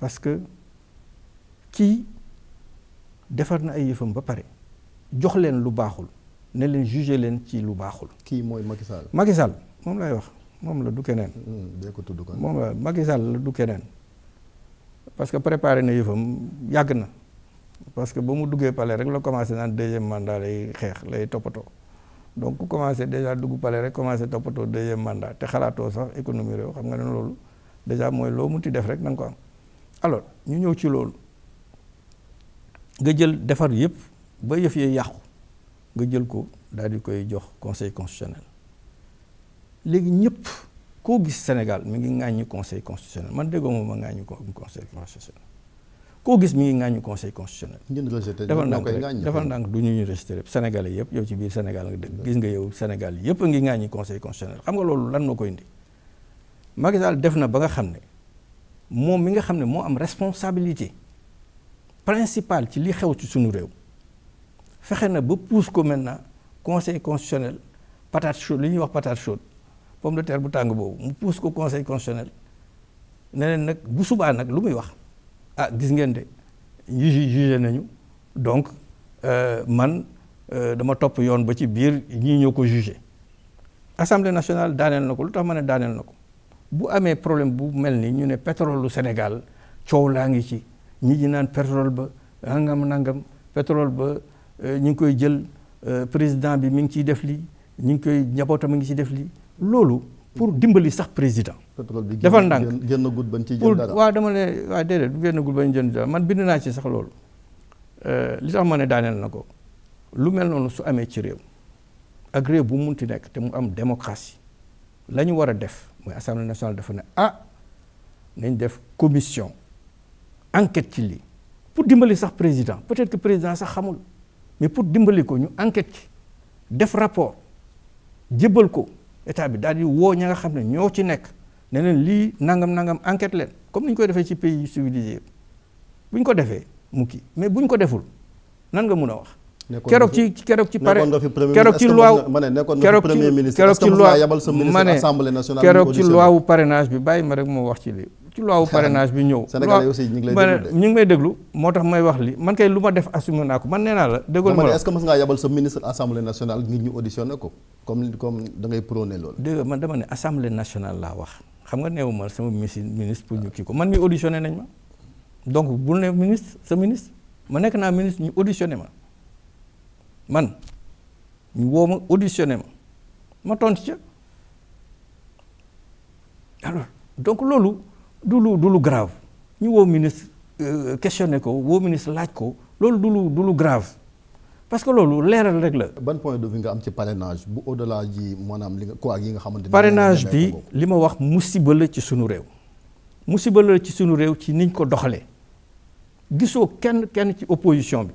parce que kii defar na ay yëfam ba pare jox leen lu baaxul ne leen jugé leen ci lu baaxul. kii mooy Macky Sall. moom laay wax moom la du keneen. dee hmm, ko tudd ko moom la Macky la du keneen. parce que préparer na yëfam yàgg na parce que ba mu duggee pale rek la commencé naan deuxième mandat lay xeex lay toppatoo donc ku commencé déjà dugg palais rek commencé toppatoo deuxième mandat te xalaatoo sax économie réew xam nga ne loolu déjà mooy loo munti def rek na nga ko am alors ñu ñëw ci loolu nga jël defar yëpp ba yëf yee yàqu nga jël ko daal di koy jox conseil constitutionnel léegi ñëpp. koo gis Sénégal mi ngi ŋàññi conseil constitutionnel man déggoo moom ma ŋàññi conseil constitutionnel koo gis mi ngi ŋàññi conseil constitutionnel. defal ndànk rek defal ndànk du ñu rejeté rek Sénégalais yëpp yow ci biir Sénégal nga dëkk gis nga yow Sénégal yëpp a ngi ŋàññi conseil constitutionnel xam nga loolu lan moo koy indi Macky Sall def na ba nga xam ne moom mi nga xam ne moo am responsabilité principal ci li xew ci suñu réew fexe na ba pousse ko maintenant conseil constitutionnel patate li ñuy wax patate pomme de terre bu tàng boobu mu pousse ko conseil constitutionnel ne nag bu subaa nag lu muy wax ah gis ngeen de ñu jugé nañu donc euh, man euh, dama topp yoon ba ci biir ñii ñoo ko jugé assemblée nationale daaneel na ko lu tax ma ne daaneel na ko bu amee problème bu mel ni ñu ne pétrole lu Sénégal coow laa ngi ci ñi ñi naan pétrole ba nangam nangam pétrole ba euh, ñu ngi koy jël président bi mi ngi ciy def lii ñu ngi koy njabootam mi ngi ci def lii loolu pour dimbali sax président. defal ndànk pour waaw dama ne waaw déedéet génnagul ba ñu jënd dara man bind naa ci sax loolu. Euh, li tax ma ne daaneel na ko lu mel noonu su amee ci réew ak réew bu mun munti nekk te mu am démocratie la ñu war a def mooy assemblée nationale dafa ne ah nañ def commission enquete ci lii pour dimbali sax président peut-être que président sax xamul mais pour dimbali ko ñu enquête ci def rapport jébbal ko. état bi daal di woo ña nga xam ne ñoo ci nekk ne leen lii nangam nangam enquête leen comme ni ñu koy defee ci pays civilisé bu ñu ko defee mu kii mais bu ñu ko deful nan nga mun a wax. keroog ci keroog ci pare keroog ci loi ma nekkoon na fi premier ministre keroog ci loi yabal sa ministre assemblée nationale keroog ci loi bi bàyyi ma rek moo wax ci lii. ci loi wu bi ñëw. Sénégalais aussi ñu ngi lay déglu ngi may déglu moo tax may wax li man kay lu ma def assumé man nee naa la. déggoon ma la est-ce que mës ngaa yabal sa ko comme comme da ngay prôné loolu. man dama ne assemblée nationale laa wax xam nga neewu ma sama ministre pour ñu kii ko man mi auditionné donc bu ne ministre sa ministre ma nekk naa ministre ñu auditionné ma man woo ma auditionné ma ma tontu ca donc loolu. du lu du lu grave ñu woo ministre euh, questionné ko woo ministre laaj ko loolu du lu du lu grave parce que loolu leeral rek la. ban point de vue nga am ci parrainage bu au delà ji maanaam li nga ko ak yi nga xamante ne. parrainage bi li ma wax musiba la ci sunu réew. musiba la ci sunu réew ci niñ ko doxalee gisoo kenn kenn ci opposition bi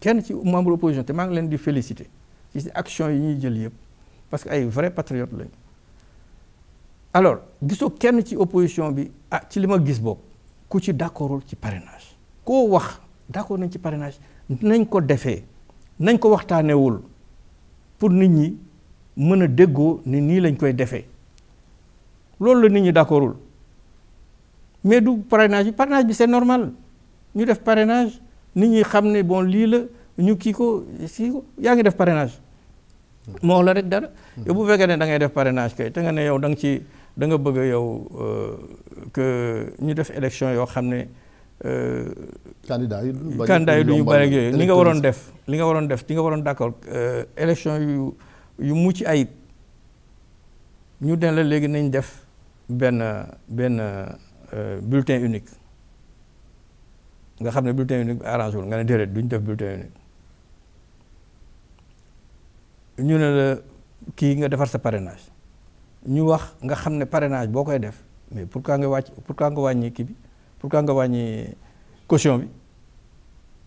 kenn ci membre opposition te maa ngi leen di féliciter ci si action yi ñuy jël yëpp parce que ay vrais patriotes lañu. alors gisoo kenn ci opposition bi ah ci li ma gis boobu ku ci d'accordul ci parrainage koo wax d'accord nañ ci parrainage nañ ko defee nañ ko waxtaanewul pour nit ñi mën a déggoo ni nii lañ koy defee loolu la nit ñi d'accordul mais du parrainage bi parrainage bi c'est normal ñu def parenage nit ñi xam ne bon lii la ñu kii ko si yaa ngi def parrainage moo la rek dara hmm. yow bu fekkee ne da ngay def parrainage kay te nga ne yow da nga ci da nga bëgg yow euh, que ñu def élection yoo xam ne. Euh, candidat yi duñu bari li nga waroon def li nga waroon def ti nga waroon d'accord euh, élection yu yu mucc ayib ñu den la léegi nañ def benn benn bulletin unique nga xam ne bulletin unique bi arrangé wul nga ne déedéet duñ def bulletin unique ñu ne la kii nga defar sa parrainage ñu wax nga xam ne parrainage boo koy def mais pourquoi nga wàcc pourquoi nga wàññi kii bi pourquoi nga wàññi caution bi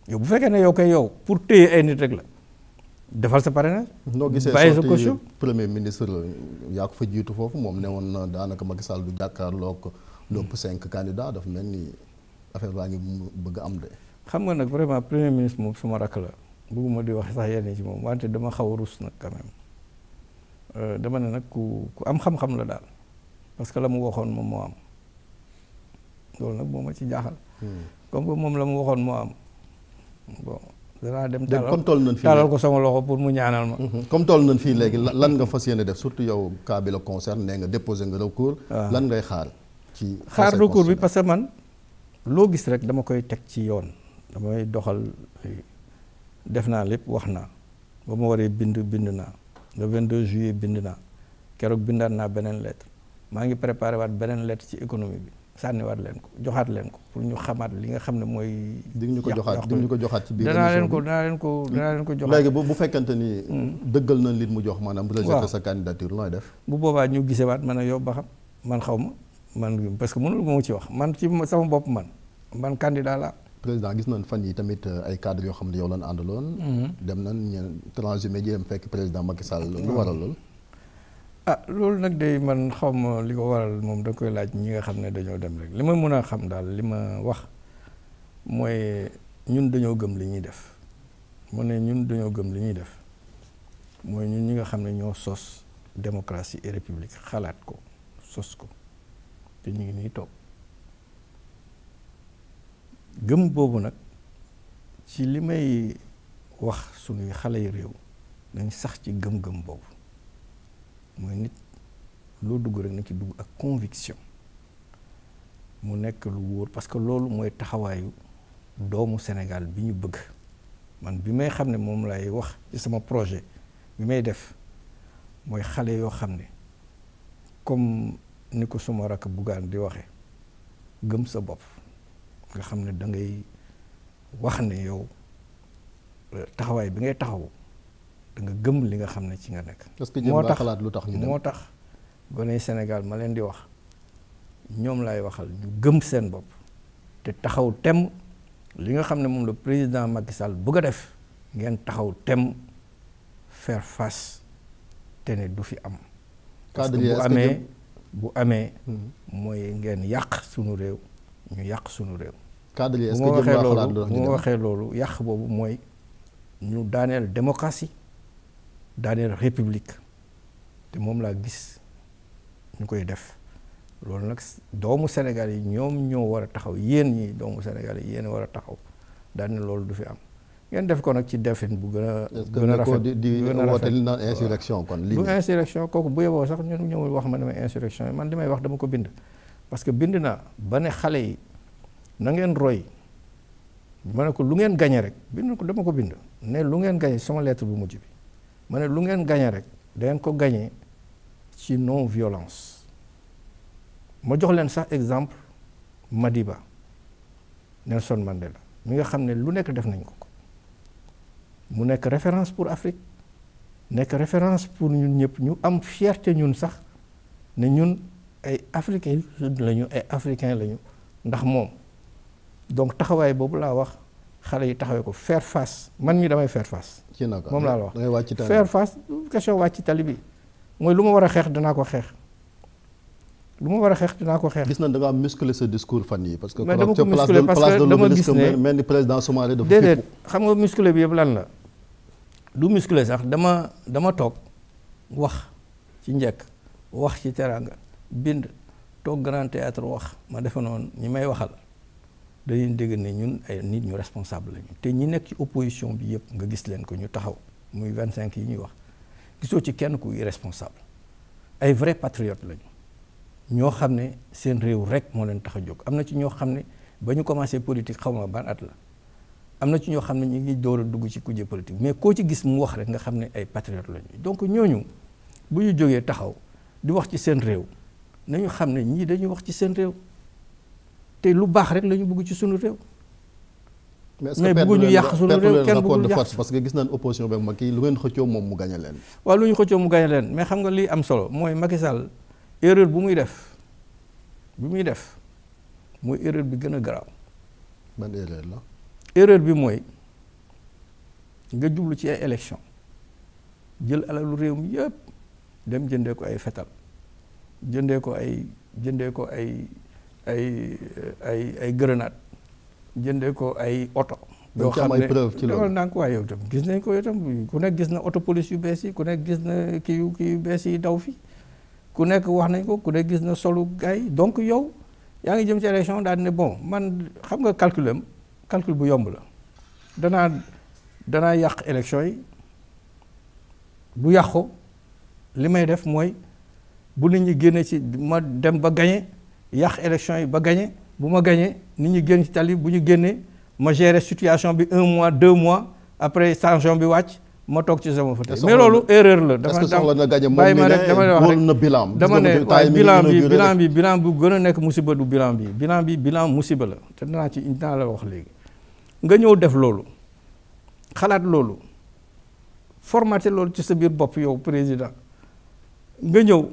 yow bu fekkee ne yow kay yow pour téye ay nit rek la defal sa parrainage. noo gisee sorti premier ministre yaa ko fa jiitu foofu moom ne woon na daanaka Macky Sall du jàkkaarloog lépp cinq candidats dafa mel ni affaire baa ngi bëgg am de. xam nga nag vraiment premier ministre moom suma rakk la bëgguma di wax sax yenn ci moom wante dama xaw a rus nag quand Euh, dama ne nag ku ku am xam-xam la daal parce que la mu waxoon moom moo am loolu nag moo ma ci jaaxal. Hmm. comme que moom la mu waxoon moo am bon. danaa dem talal comme toll nañ ko sama loxo pour mu ñaanal ma. Hmm, hmm. comme toll nañ fii léegi lan nga fas yéene def surtout yow cas bi la nee nga déposé nga recours. Ah. lan ngay xaar ci. xaar recours bi parce que man loo gis rek dama koy teg ci yoon damay doxal def naa lépp wax naa ba ma waree bind bind naa. le 22 juillet bind naa keroog bindaat naa beneen lettre maa ngi préparé waat beneen lettre ci économie bi sànniwaat leen ko joxaat leen ko pour ñu xamaat li nga xam ne mooy. di ñu ko joxaat di ñu ko joxaat ci biir danaa leen ko danaa leen ko danaa leen ko joxaat. léegi bu bu fekkente ni. Hmm. dëggal na li mu jox maanaam. bu rejeté sa candidature looy def. bu boobaa ñu gisewaat man a yow ba xam man xaw ma man parce que mënul moo ci wax man ci sama bopp man man candidat la président gis nañ fan yi tamit euh, ay cadres yoo xam ne yow lan àndaloon. Mm-hmm. dem nañ ñu transhumé ji dem fekk président Macky Sall ah, lu waral lool. ah loolu nag day man xaw ma li ko waral moom da koy laaj ñi nga xam ne dañoo dem rek li ma mën a xam daal li ma wax mooy ñun dañoo gëm li ñuy def mu ne ñun dañoo gëm li ñuy def mooy ñun ñi nga xam ne ñoo sos démocratie et république xalaat ko sos ko te ñu ngi nii toog. gëm boobu nag ci li may wax suñuy xale yu réew nañ sax ci gëm-gëm boobu mooy nit loo dugg rek na ci dugg ak conviction mu nekk lu wóor parce que loolu mooy taxawaayu doomu Sénégal bi ñu bëgg man bi may xam ne moom lay wax ci sama projet bi may def mooy xale yoo xam ne comme ni ko suma rakk Bougane di waxe gëm sa bopp nga xam ne dangay ngay wax ne yow euh, taxawaay bi ngay taxaw da nga gëm li nga xam ne ci nga nekk. moo tax xalaat lu tax ñu moo tax gone Sénégal ma leen di wax ñoom laay waxal ñu gëm seen bopp te taxaw tem li nga xam ne moom la président Macky Sall bëgg a def ngeen taxaw tem faire face te ne du fi am. parce que bu amee bu hmm. amee. mooy ngeen yàq sunu réew. ñu yàq sunu réew. cadre yi est-ce que jëm naa waxee loolu yàq boobu mooy ñu daaneel démocratie daaneel république te moom laa gis ñu koy def loolu nag doomu Sénégal yi ñoom ñoo war a taxaw yéen ñi doomu Sénégal yi yéen war a taxaw daaneel loolu du fi am. ngeen def ko nag ci defin bu gën a. gën a rafet di di li naan insurrection kon. li du insurrection kooku bu yeboo sax ñun ñëwul wax ma ne ma insurrection man li may wax dama ko bind. parce que bind naa ba ne xale yi na ngeen roy ma ne ko lu ngeen gañe rek bind ko dama ko bind ne lu ngeen gañe sama lettre bu mujj bi ma ne lu ngeen gañe rek dangeen ko gañe ci non violence ma jox leen sax exemple Madiba Nelson Mandela mi nga xam ne lu nekk def nañ ko ko mu nekk référence pour Afrique nekk référence pour ñun ñëpp ñu am fierté ñun sax ne ñun ay africain lañu ay africain lañu ndax moom donc taxawaay boobu laa wax xale yi taxawee ko faire face man mi damay faire face. ci naka moom laa la wax faire face question wàcc tali bi mooy lu ma war a xeex danaa ko xeex. lu ma war a xeex dinaa ko xeex. gis nañ da ngaa muscler sa discours fan yi parce que mais dama ko muscler parce que dama gis ne mel xam nga muscler bi yëpp lan la. du sax dama dama toog wax ci njëkk wax ci teraanga. bind toog grand théâtre wax ma defe noonu ñi may waxal dañuy dégg ne ñun ay nit ñu responsable lañu te ñi nekk ci opposition bi yëpp nga gis leen ko ñu taxaw muy vingt cinq yi ñuy wax gisoo ci kenn ku irresponsable ay vrai patriote lañu ñoo xam ne seen réew rek moo leen tax a jóg am na ci ñoo xam ne ba ñu commencé politique xaw ma ban at la am na ci ñoo xam ne ñu ngi door a dugg ci kuje politique mais koo ci gis mu wax rek nga xam ne ay patriote lañu donc ñooñu bu jógee taxaw di wax ci seen réew. nañu xam ne ñii dañuy wax ci seen réew te lu baax rek la ñu bëgg ci suñu réew. mais bëgguñu yàq suñu réew kenn bëggul yàq parce que gis nañ opposition bi ak Macky lu ngeen xëccoo moom mu gañe leen. waaw lu ñu xëccoo mu gañe leen mais xam nga lii am solo mooy Macky Sall erreur bu muy def bi muy def mooy erreur bi gën a garaaw. ban la. erreur bi mooy nga jublu ci ay élection jël alalu réew mi yëpp dem jëndee ko ay fetal. jëndee ko ay jëndee ko ay ay ay ay grenade jëndee ko ay oto. yoo xam ne preuve ci loolu naa ko waaye yow tam gis nañ ko yow tam ku nekk gis na oto police yu bees yi ku nekk gis na kii yu kii yu bees yi daw fi ku nekk wax nañ ko ku nekk gis na solu gars yi donc yow yaa ngi jëm ci élection daal ne bon man xam nga calculam calcul bu yomb la danaa danaa yàq élection yi bu yàqu li may def mooy bu nit ñi génnee ci ma dem ba gañe yàq élection yi ba gañe bu ma gañee nit ñi génn ci tali bu ñu génnee ma gérer situation bi un mois deux mois après tension bi wàcc ma toog ci sama fauteuil mais loolu erreur la dama bàyyi ma rek dama wax rek dama ne waaye bilan bi bilan bi bilan bu gën a nekk musiba du bilan bi bilan bi bilan musiba la te naa ci dinaa la wax léegi nga ñëw def loolu xalaat loolu formate loolu ci sa biir bopp yow président nga ñëw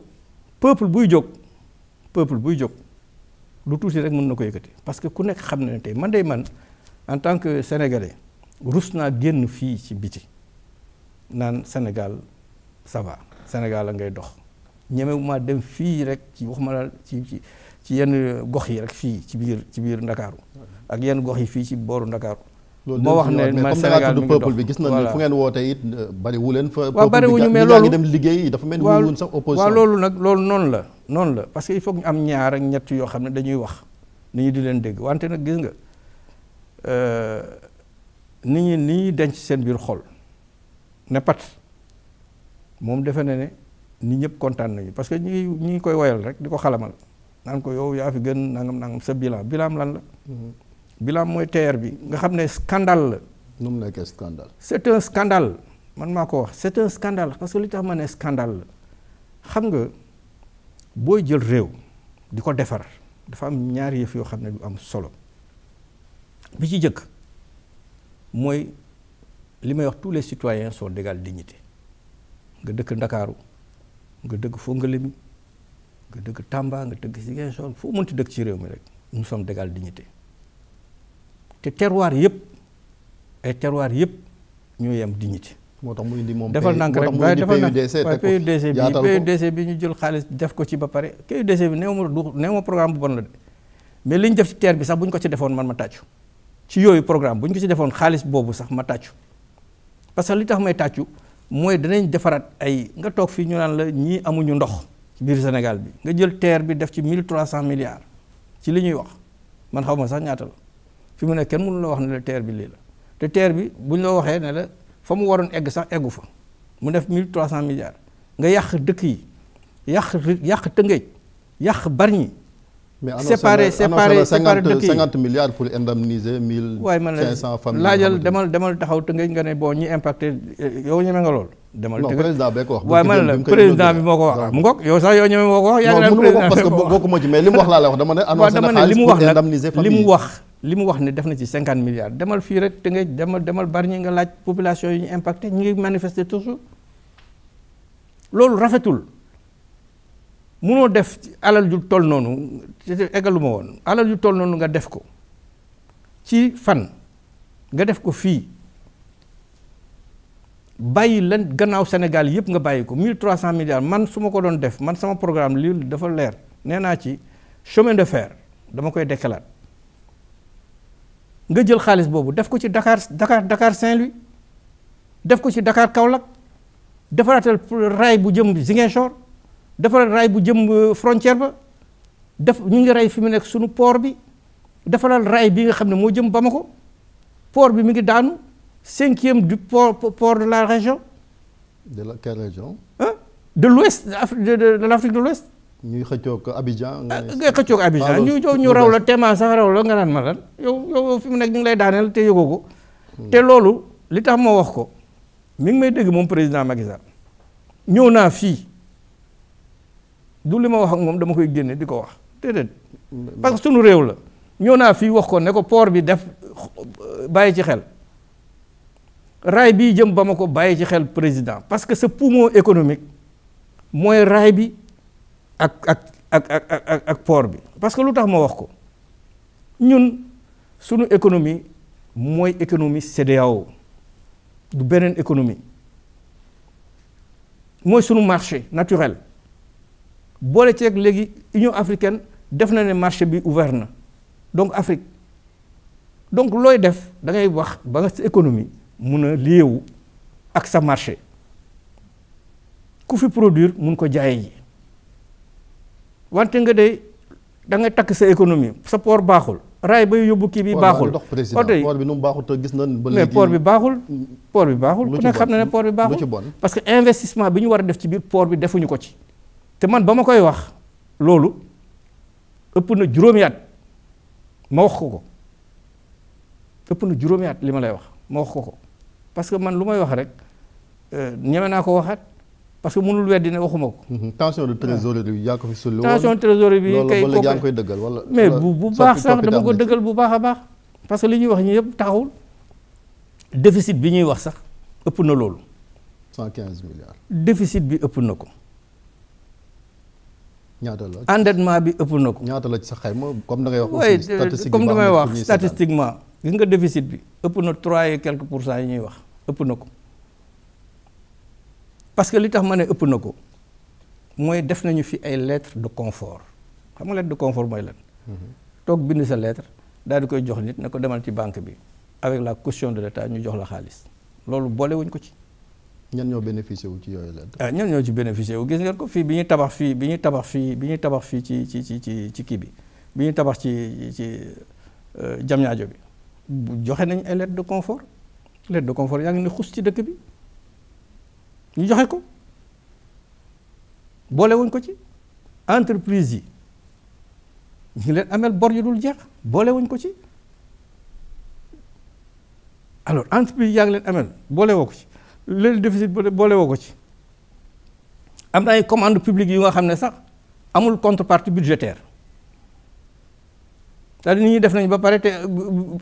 peuple buy jóg peuple buy jóg lu tuuti rek mën na ko yëkkati parce que ku nekk xam na ne tey man day man en tant que sénégalais rus naa génn fii ci biti naan Sénégal ça va Sénégal la ngay dox ñemewuma dem fii rek ci waxuma la ci ci yenn gox yi rek fii ci biir ci biir Ndakaaru ak yenn gox yi fii ci booru Ndakaaru moo wax ne man Sénégal mi ngi dox peuple bi gis nañu fu ngeen woote it bari leen fa waaw bari wuñu ngi dem liggéey dafa mel ni wuñ sax opposition waaw loolu nag loolu noonu la noonu la parce que il faut am ñaar ak ñett yoo xam ne dañuy wax ni ñi di leen dégg wante nag gis nga euh, nit ñi ni ñuy denc seen biir xol ne pat moom defe na ne nit ñëpp kontaan nañu parce que ñi ñi ngi koy woyal rek di ko xalamal naan ko yow yaa fi gën nangam nangam sa bilan bilan lan la mm-hmm. bilan mooy TER bi nga xam ne scandale la. nu mu nekkee scandale. c'est un scandale man maa ko wax c'est un scandale parce que li tax ma ne scandale la xam nga booy jël réew di ko defar dafa am ñaari yëf yoo xam ne du am solo bi ci jëkk mooy li may wax tous les citoyens sont d'égale dignité nga dëkk Ndakaaru nga dëkk Fongolimbi nga dëkk Tamba nga dëkk Ziguinchor foo mënti dëkk ci réew mi rek nous sommes d'égale dignité. te terroir yëpp ay terroir yëpp ñoo yem dignité moo tax mu indi moom defal nank rek waaye defal nank waaye PUDC bi PUDC bi ñu jël xaalis def ko ci ba pare PUDC bi néew ma du néew ma programme bu bon la de mais li ñu def ci terre bi sax bu ñu ko ci defoon man ma tàccu ci yooyu programme bu ñu ko ci defoon xaalis boobu sax ma tàccu parce que li tax may tàccu mooy danañ defaraat ay nga toog fii ñu naan la ñii amuñu ndox ci biir Sénégal bi nga jël terre bi def ci mille trois cent milliards ci li ñuy wax man xaw ma sax ñaata la fi mu ne kenn mënu la wax ne la bi lii la te TER bi buñ la waxee ne la fa mu waroon egg sax eggu fa mu def mille trois cent milliards nga yàq dëkk yi yàq yàq Tëngéej yàq Bargny mais séparé séparé séparé dëkk yi cinquante milliards pour indemniser mille cinq cent familles laajal demal demal taxaw Tëngéej nga ne bon ñi impacté yow ñeme nga lool. demal Tëngéej bee ko wax. la président wax. mu ngoog yow sax yow ñeme moo ko wax. yaa ngi naan président bee ma ko parce que bokkuma ci mais li mu wax laa la wax dama ne. annoncé na xaalis pour indemniser famille li mu wax li mu wax ne def na ci cinquante milliards demal fii rek te nga demal demal Bargny nga laaj population yi ñu impacté ñu ngi manifester toujours loolu rafetul munoo def alal yu toll noonu eggaluma woon alal ju toll noonu nga def ko ci fan nga def ko fii bàyyi lan gannaaw senegal yëpp nga bàyyi ko mille trois cent milliards man su ma ko doon def man sama programme li dafa leer nee naa ci chemin de fer dama koy dekkalaat nga jël xaalis boobu def ko ci Dakar Dakar Dakar Saint-Louis def ko ci dakaar Kaolack defaraatal raay bu jëm Ziguinchor defaral raay bu jëm euh, frontière ba def ñu ngi rey fi mu nekk sunu port bi defaral raay bi nga xam ne moo jëm Bamako port bi mi ngi daanu cinquième du port port de la région. de la quelle ah de l'ouest de l'Afrique de l'Ouest. ñuy xëccoog Abidjan. ngay xëccoog Abidjan ñu ñu raw la téema sax raw la nga naan ma lan yow yow fi mu nekk ñu ngi lay daaneel te yëgoo ko. Hmm. te loolu li tax moo wax ko mi ngi may dégg moom président Macky ñëw naa fii du li ma wax moom dama koy génne di ko wax déedéet. parce sunu réew la. ñëw naa fii wax ko ne ko poor bi def bàyyi ci xel raay bii jëm ba ma ko bàyyi ci xel président parce que sa poumon économique mooy raay bi. ak ak ak ak ak ak port bi parce que lu tax ma wax ko ñun sunu économie mooy économie CEDEAO du beneen économie mooy sunu marché naturel boole ceeg léegi Union africaine def na ne marché bi ouvert na donc Afrique donc looy def da ngay wax ba nga sa économie mun a liewu ak sa marché ku fi produire mun ko jaaye ji wante nga de da ngay takk sa économie sa port baaxul raay bay yóbbu kii bi baaxul oto yi port bi nu mu baaxul te gis nañ ba léegi mais port bi baaxul port bi baaxul ku nekk xam na ne poor bi baaxul parce que investissement bi ñu war a def ci biir port bi defuñu ko ci te man ba ma koy wax loolu ëpp na juróomi at ma wax ko ko ëpp na juróomi at li ma lay wax ma wax ko ko parce que man lu may wax rek euh, ñeme naa ko waxaat parce que mënul weddi ne waxuma ko. Mhm. tension de trésorerie bi yaa ko fi sulli. tension de trésorerie bi kay kooku wala. mais bu bu baax sax dama ko dëggal bu baax a baax. parce que li ñuy wax ñi yëpp taxawul déficit bi ñuy wax sax ëpp na loolu. 115 milliards. déficit bi ëpp na ko. ñaata la endettement bi ëpp ko. ñaata la ci sa xayma comme da ngay wax. aussi statistique comme damay wax statistiquement. gis nga déficit bi ëpp na 3 et pour cent yi ñuy wax ëpp na ko. parce que li tax ma ne ëpp na ko mooy def nañu fii ay lettre de confort xam nga lettre de confort mooy lan. Mm-hmm. toog bind sa lettre daal di koy jox nit na ko demal ci banque bi avec la caution de l'état ñu jox la xaalis loolu boole ko ci. ñan ñoo bénéficié wu ci yooyu lettre. ah ñan ñoo ci bénéficié wu gis ngeen ko fii bi ñuy tabax fii bi ñuy tabax fii bi ñuy tabax ci ci ci ci ci kii bi bi tabax ci ci jamñaajo euh, bi joxe nañ ay lettre de confort lettre de confort yaa ngi ne xus ci dëkk bi. ñu joxe ko boole wuñ ko ci entreprise yi ñu ngi leen ameel bor yu dul jeex boole wuñ ko ci alors entreprise yaa ngi leen ameel boole woo ko ci leen déficit boole woo ko ci am na ay commande publique yu nga xam ne sax amul contrepartie budgétaire c'est-à-dire nit ñi def nañ ba pare te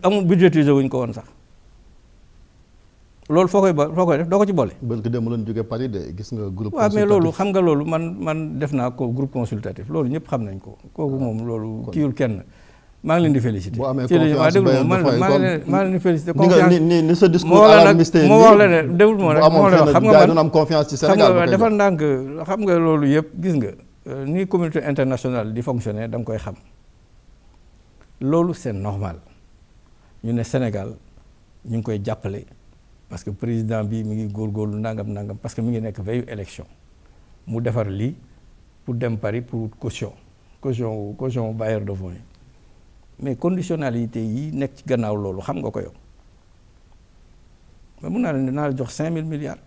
amul budgétiser wuñ ko woon sax loolu foo koy ba foo koy def doo ko ci boole. barke dem leen jóge Paris de gis nga groupe. waaw mais loolu xam nga loolu man man def naa ko groupe consultatif loolu ñëpp xam nañ ko. kooku moom ah, loolu kiiwul kenn. maa ngi leen di félicité boo amee confiance béyoon dafay maa ngi leen di félicité confiance ni ni sa discours alarmiste moo wax la ne déwul moo rek moo wax xam nga man am confiance ci Sénégal xam nga defal ndànk xam nga loolu yëpp gis nga euh, ni communauté internationale di fonctionner da nga koy xam loolu c'est normal ñu ne Sénégal ñu ngi koy jàppale parce que président bi mi ngi góor góorgóorlu nangam nangam parce que mu ngi nekk veillu élection mu defar lii pour dem Paris pour caution caution caution bailleur de fonds yi mais conditionnalité yi nekk ci gannaaw loolu xam nga ko yow mais mun naa la naa la jox cinq mille milliards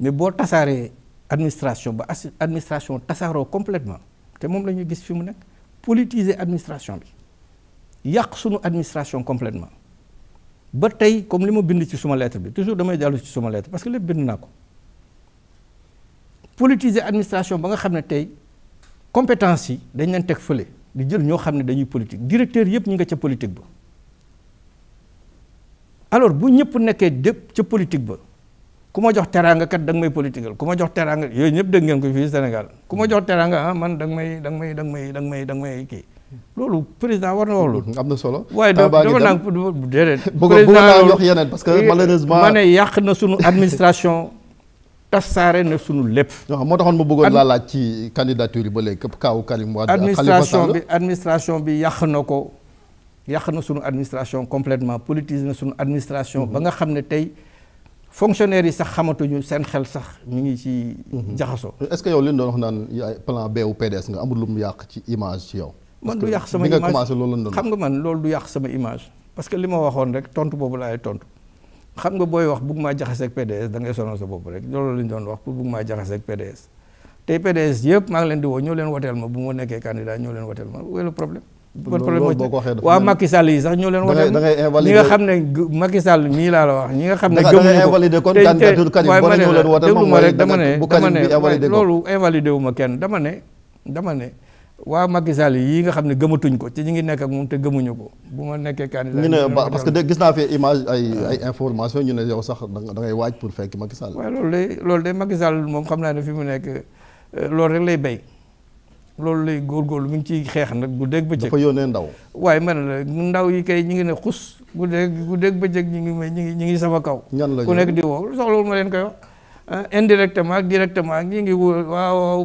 mais boo tasaaree administration ba administration tasaaroo completement te moom la ñu gis fi mu nekk politiser administration bi yàq sunu administration completement ba tey comme li ma bind ci suma lettre bi toujours damay dellu ci suma lettre parce que lépp bind naa ko politiser administration ba nga xam ne tey compétence yi dañ leen teg fële di jël ñoo xam ne dañuy politique directeur yëpp ñu nga ca politique ba alors bu ñëpp nekkee dépp ca politique ba ku ma jox teraanga kat da nga may politiqueal ku ma jox teraanga yooyu ñëpp dégg ngeen ko fii Sénégal ku ma jox teraanga ah man da nga may da may da nga may da may da nga loolu président war na wax loolu. Mhm, am na solo waaye dama naan déedéet. <laughs> bëgg naa wax yeneen parce que malheureusement. ma ne yàq na sunu administration. <laughs> tasaare na sunu lépp. waaw moo taxoon ma bëggoon laa laaj ci candidature yi ba léegi képp kaawu Karim Wade. administration bi administration bi yàq na ko. yàq na sunu administration complètement politise na sunu administration. Mhm. ba nga xam ne tey fonctionnaires yi sax xamatuñu seen xel sax ñu ngi ci mhm. jaxasoo. est-ce que yow li ñu doon wax naan plan B wu PDS nga amul lu mu yàq ci image ci yow. man du yàq sama image xam nga man loolu du yàq sama image parce que li ma waxoon rek tontu boobu laay tontu xam nga booy wax bugg maa jaxaseeg PDS da ngay sonal sa bopp rek loolu lañ doon wax pour bugg maa jaxaseeg PDS tey PDS maa ngi leen di woo ñoo leen woteel ma bu ma nekkee candidat ñoo leen woteel ma où est le problème waa Macky Sall yi sax ñoo leen woteel ñi nga xam ne Macky Sall mii laa la wax ñi nga xam ne gëmuñu ko déglu ma rek dama ne dama ne loolu invalidé wu ma kenn dama ne dama ne waa Macky yi nga xam ne gëmatuñ ko ci ñu ngi nekk ak moom te gëmuñu ko bu ma nekkee candidat ñu ne parce que de gis naa fi image ay ay information ñu ne yow sax da ngay waaj pour fekk Macky Sall waaw loolu day loolu day Macky moom xam naa ne fi mu nekk euh, loolu rek lay bay loolu lay góorgóorlu mu ngi ciy xeex nag bu dégg bëccëg dafa yoone ndaw waaye man la ndaw yi kay ñu ngi ne xus bu dégg bu dégg bëccëg ñu ngi may ñi ngi ñi ngi sama kaw ku nekk di woo soxlawul ma leen Euh, indirectement ak directement ñi ngi wóor waaw waaw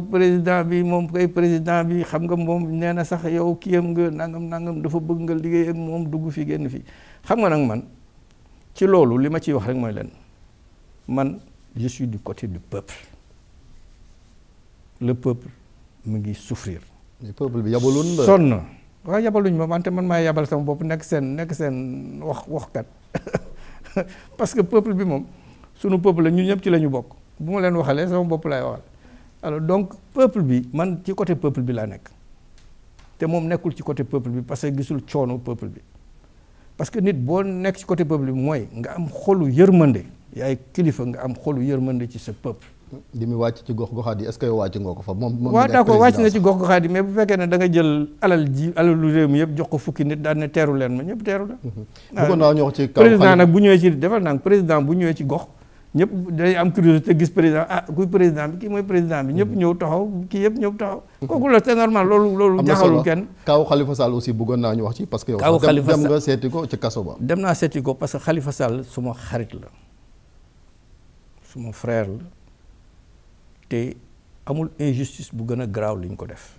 bi moom kay président bi xam nga moom nee na sax yow kiyam nga nangam nangam dafa bëgg nga liggéey ak moom dugg fi génn fii xam nga nag man ci loolu li ma ciy wax rek mooy leen man je du côté du peuple le peuple mu ngi souffrir. mais peuple bi yabaluñ la sonn waaw yabaluñ ma wante man maa yabal sama bopp nekk seen nekk seen wax waxkat <laughs> parce que peuple bi moom. sunu peuple la ñu ñëpp ci la ñu bokk bu ma leen waxalee sama bopp laay waxal alors donc peuple bi man ci côté peuple bi laa nekk te moom nekkul ci côté peuple bi parce que gisul coono peuple bi parce que nit boo nekk ci côté peuple mooy nga am xolu yërmande yaay kilifa nga am xolu yërmande ci sa peuple. li muy wàcc ci gox goxaat yi est-ce que yow wàcc nga ko fa moom. moom waaw d'accord na ci gox goxaat yi mais bu fekkee ne da nga jël alal ji alalu réew mi yëpp jox ko fukki nit daan ne teeru leen ma ñëpp teeru la. bu ko naa ñoo ci kaw bu ñëwee ci defal naa président bu ñëwee ci gox. ñëpp day am curiosité gis président ah kuy président bi kii mooy président bi ñëpp mhm. ñëw taxaw kii yëpp ñëw taxaw kooku la c'est normal loolu loolu jaxalul kenn kaaw Khalifa Sall aussi bëggoon naa ñu wax ci parce que yow dem nga seeti ko ci kaso ba que Khalifa Sall suma xarit la suma frère la te amul injustice bu gën a garaaw liñ ko def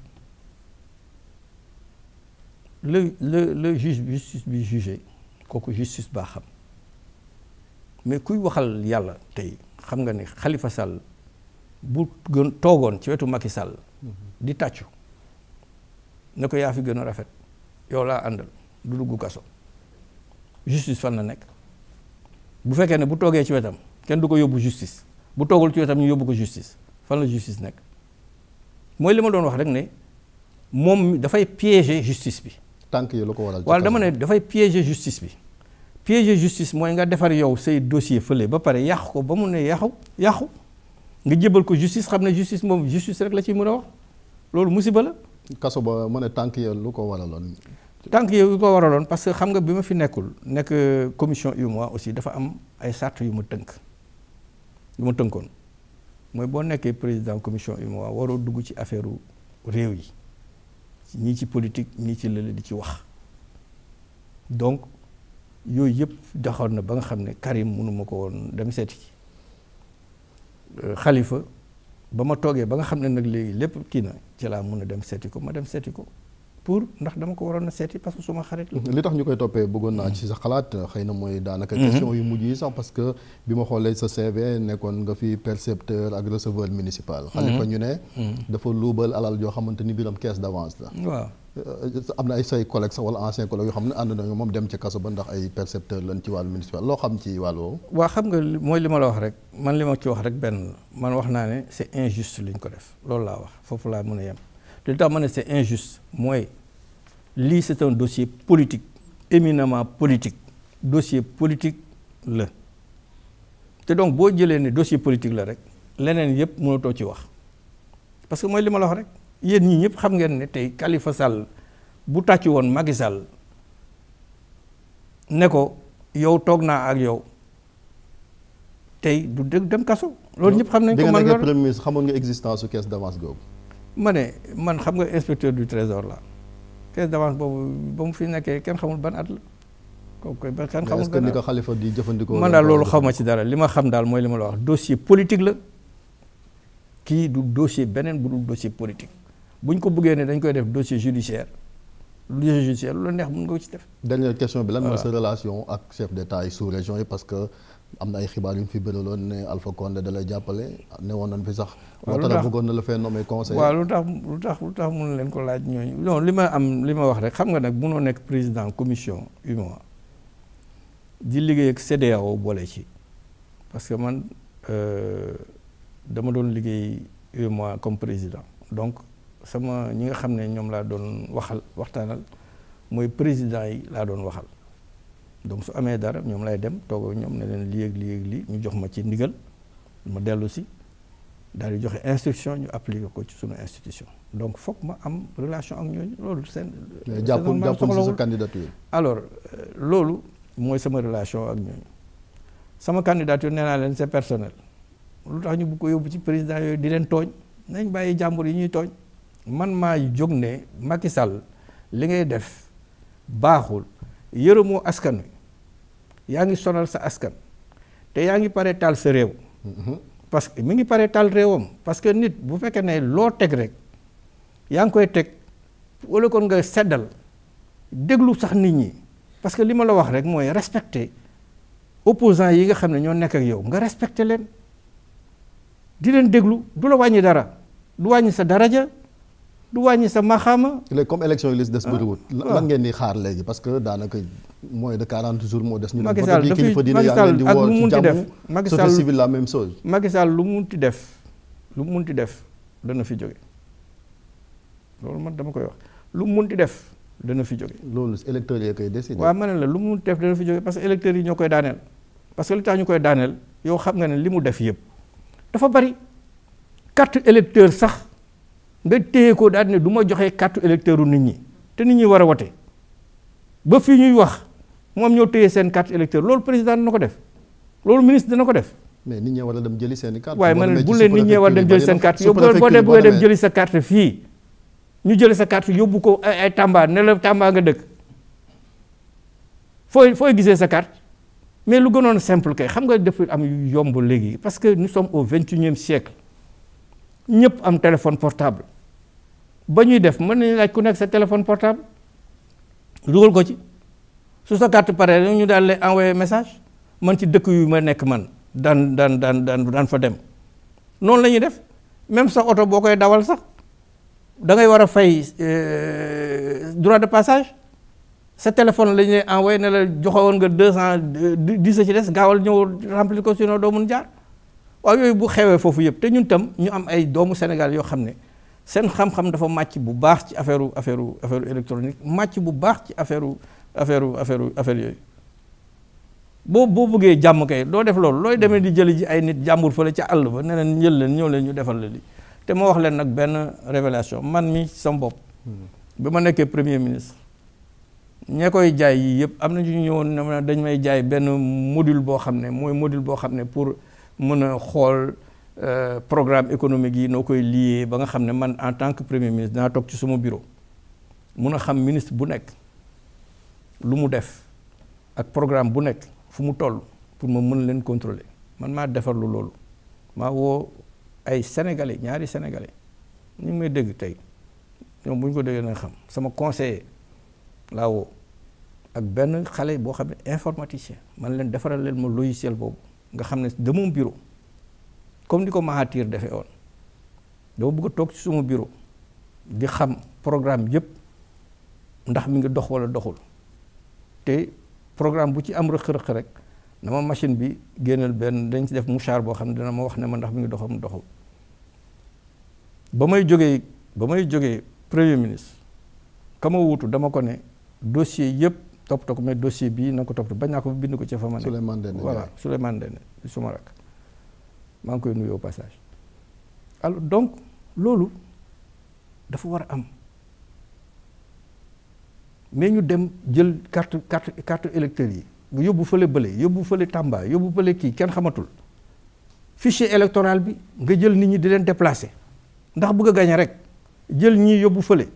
le le le justice bi jugé kooku justice baa xam mais kuy waxal yàlla tey xam nga ni xalifa Sall bu gën toogoon ci wetu Macky Sall mhm. di tàccu ne ko yaa fi gën a rafet yow laa àndal du dugg kaso justice fan la nekk bu fekkee ne bu toogee ci wetam kenn du ko yóbbu justice bu toogul ci wetam ñu yóbbu ko justice fan la justice nekk mooy li ma doon wax rek ne moom dafay piéger justice bi. tànk ko waral wala dama ne dafay piéger justice bi. piéger justice mooy nga defar yow say dossier fële ba pare yàq ko ba mu ne yàqu yàqu nga jëbal ko justice xam ne justice moom justice rek la ciy mën a wax loolu musiba la. kaso ba ma ne tànk yow lu ko waraloon. tànk yow yu ko waraloon parce que xam nga bi ma fi nekkul nekk commission UEMOA aussi dafa am ay sart yu ma tënk yu ma tënkoon mooy boo nekkee président commission UEMOA waroo dugg ci affaire réew yi ñii ci politique ñii ci lële di ci wax yooyu yëpp doxoon na ba nga xam ne Karim mënuma ko woon dem seeti ci xalifa ba ma toogee ba nga xam ne nag léegi lépp kii na ci laa mun a dem seeti ko ma dem seeti ko pour ndax dama ko waroon a seeti parce que suma xarit la. li tax ñu koy toppee bëggoon naa ci sa xalaat xëy na mooy daanaka. Mhm. question yu mujj yi sax parce que bi ma xoolee sa CV nekkoon nga fi percepteur ak receveur municipal. Mhm. xalifa ñu ne. Mhm. dafa luubal alal joo xamante ni biram caisse d'avance la. waaw Euh, am na ay say collègues sax wala ancien collègue yoo xam ne ànd nañu moom dem ci kaso ba ndax ay percepteur lan ci wàllu municipal loo xam ci wàll waa xam nga mooy li ma la wax rek man li ma ci wax rek benn man wax naa ne c'est injuste li ñu ko def loolu laa wax foofu laa mën a yem li tax man ne c'est injuste mooy lii c'est un dossier politique éminement politique dossier politique la te donc boo jëlee ne dossier politique la rek leneen yëpp mënatoo ci wax parce que mooy li ma la wax rek. yéen ñi ñëpp xam ngeen ne tey kalifa Sall bu tàcc woon Macky Sall yow toog naa ak yow tey du dëgg dem kaso. loolu ñëpp xam nañ ko man loolu premier ministre xamoon nga existence su caisse d'avance googu. ma ne man xam nga inspecteur du trésor la caisse d'avance boobu ba mu fi nekkee kenn xamul ban at la. kooku koy ba kenn xamul ban at ko Khalifa di jëfandikoo. man laa loolu xaw ma ci dara li ma xam daal mooy li ma la wax dossier politique la kii du dossier beneen bu dul dossier politique. bu ñu ko buggee ne dañ koy def dossier judiciaire dossier judiciaire lu la neex mën nga ko ci def. dernière question bi lan mooy sa relation ak chef d'état yi sous région yi parce que am na ay xibaar yu ñu fi bëraloon ne Alpha Condé da jàppale ne woon nañ fi sax. waaw lu tax bëggoon na la fee nommé conseiller. waaw lu tax lu tax lu tax mun leen ko laaj ñooñu non li ma am li ma wax rek xam nga nag munoo nekk président commission UEMOA di liggéey ak CEDEAO boole ci parce que man euh, dama doon liggéey mois comme président sama ñi nga xam ne ñoom laa doon waxal waxtaanal mooy président yi laa doon waxal donc su amee dara ñoom lay dem toog ñoom ne leen lii ak lii yéeg lii ñu jox ma ci ndigal ma dellu si daal di joxe instruction ñu appliqué ko ci suñu institution donc foog ma am relation ak ñooñu loolu seen. jàppoon jàppoon ci sa candidature. alors euh, loolu mooy sama relation ak ñooñu sama candidature nee naa leen c'est personnel lu tax ñu bu ko yóbbu ci président yooyu di leen tooñ bàyyi jàmbur yi ñuy tooñ. man maa jóg ne Macky Sall li ngay def baaxul yëre moo askan wi yaa ngi sonal sa askan te yaa ngi pare taal sa réew. Mm-hmm. parce que mi ngi pare taal réewam parce que nit bu fekkee ne loo teg rek yaa ngi koy teg wala kon nga seddal déglu sax nit ñi parce que li ma la wax rek mooy respecter opposants yi nga xam ne ñoo nekk ak yow nga respecter leen di leen déglu du la wàññi dara du wàññi sa daraja. du wàññi sa maxaama. léegi comme élection yi li des ah. bëriwul. Ah. lan ngeen di xaar léegi parce que daanaka moins de 40 jours moo des. ñu dem côté bii kilifa dina yaa leen di woo ci jàmm Macky Sall société civile la même lu mu ti def lu mu munti def dana fi jóge loolu man dama koy wax lu mu munti def dana fi jóge. loolu électeurs yi koy décider. waaw ma ne la lu mu munti def dana fi jóge parce que électeurs yi ñoo koy daaneel parce que li tax ñu koy daaneel yow xam nga ne li mu def yëpp dafa bari carte électeur sax. nga téye ko daal ne du ma joxe carte électeur nit ñi te nit ñi war a wote ba fii ñuy wax moom ñoo téye seen carte électeur loolu président dina ko def loolu ministre dana ko def. mais nit ñi war a dem jëli seen i carte. waaye man bu leen nit ñi war a dem jëli seen carte yow boo dem ñu jëli sa carte yóbbu ko ay ay Tamba ne la Tamba nga dëkk fooy fooy gisee sa carte mais lu gënoon simple kay xam nga def am yomb léegi parce que nous sommes au vingt u unième siècle ñëpp am téléphone portable ba ñuy def mën nañu laaj ku nekk sa téléphone portable dugal ko ci su sa carte pare ñu daal lay envoyé message man ci dëkk yu ma nekk man daan daan daan daan daan fa dem noonu la ñuy def même sa oto boo koy dawal sax da ngay war a fay euh, droit de passage sa téléphone la ñuy envoyé ne la joxewoon nga deux cent dix ci des gaawal ñëw remplir ko sinon doo mun jaar waaw yooyu bu xewee foofu yëpp te ñun tam ñu am ay doomu Sénégal yoo xam ne seen xam-xam dafa màcc bu baax ci affaire affaire affaire électronique màcc bu baax ci affaire affaire affaire affaire yooyu boo boo bëggee jàmm kay doo def loolu looy demee di jëli ji ay nit jàmbur fële ca àll ba ne leen njël leen ñëw leen ñu defal la li te ma wax leen nag benn révélation man mi sama bopp bi ma nekkee premier ministre ñee koy jaay yii yëpp am na ñu ñëwoon dañ may jaay benn module boo xam ne mooy module boo xam ne pour mën a xool euh, programme économique yi noo koy lié ba nga xam ne man en tant que premier ministre dinaa toog ci suma bureau mun a xam ministre bu nekk lu mu def ak programme bu nekk fu mu toll pour ma mën leen contrôler man maa defarlu loolu maa woo ay sénégalais ñaari sénégalais ñu ngi may dégg tey ñoom bu ñu ko déggee na xam sama conseiller laa woo ak benn xale boo xam ne informaticien man leen defaral leen ma logiciel boobu. nga xam ne de mon bureau comme ni ko Mahathir defee woon dama bugg a toog ci suma bureau di xam programme yëpp ndax mi ngi dox wala doxul te programme bu ci am rëq-rëq rek dama machine bi génneel benn dañ ci def mouchard boo xam ne dana ma wax ne ma ndax mi ngi doxam doxul ba may jógee ba may jógee premier ministre ka ma wuutu dama ko ne dossier yëpp. toppatoo ko mais dossier bii na ko toppatoo bañ naa ko bind ko ca fa ma ne. Souleymane Dende voilà Souleymane Dende suma rakk maa ngi koy nuyu au passage. alors donc loolu dafa war a am mais ñu dem jël carte carte carte électeur yi nga yóbbu fële bële yóbbu fële Tamba yóbbu fële kii kenn xamatul fichier électoral bi nga jël nit ñi di leen déplacer ndax bugg a gañe rek jël ñii yóbbu fële.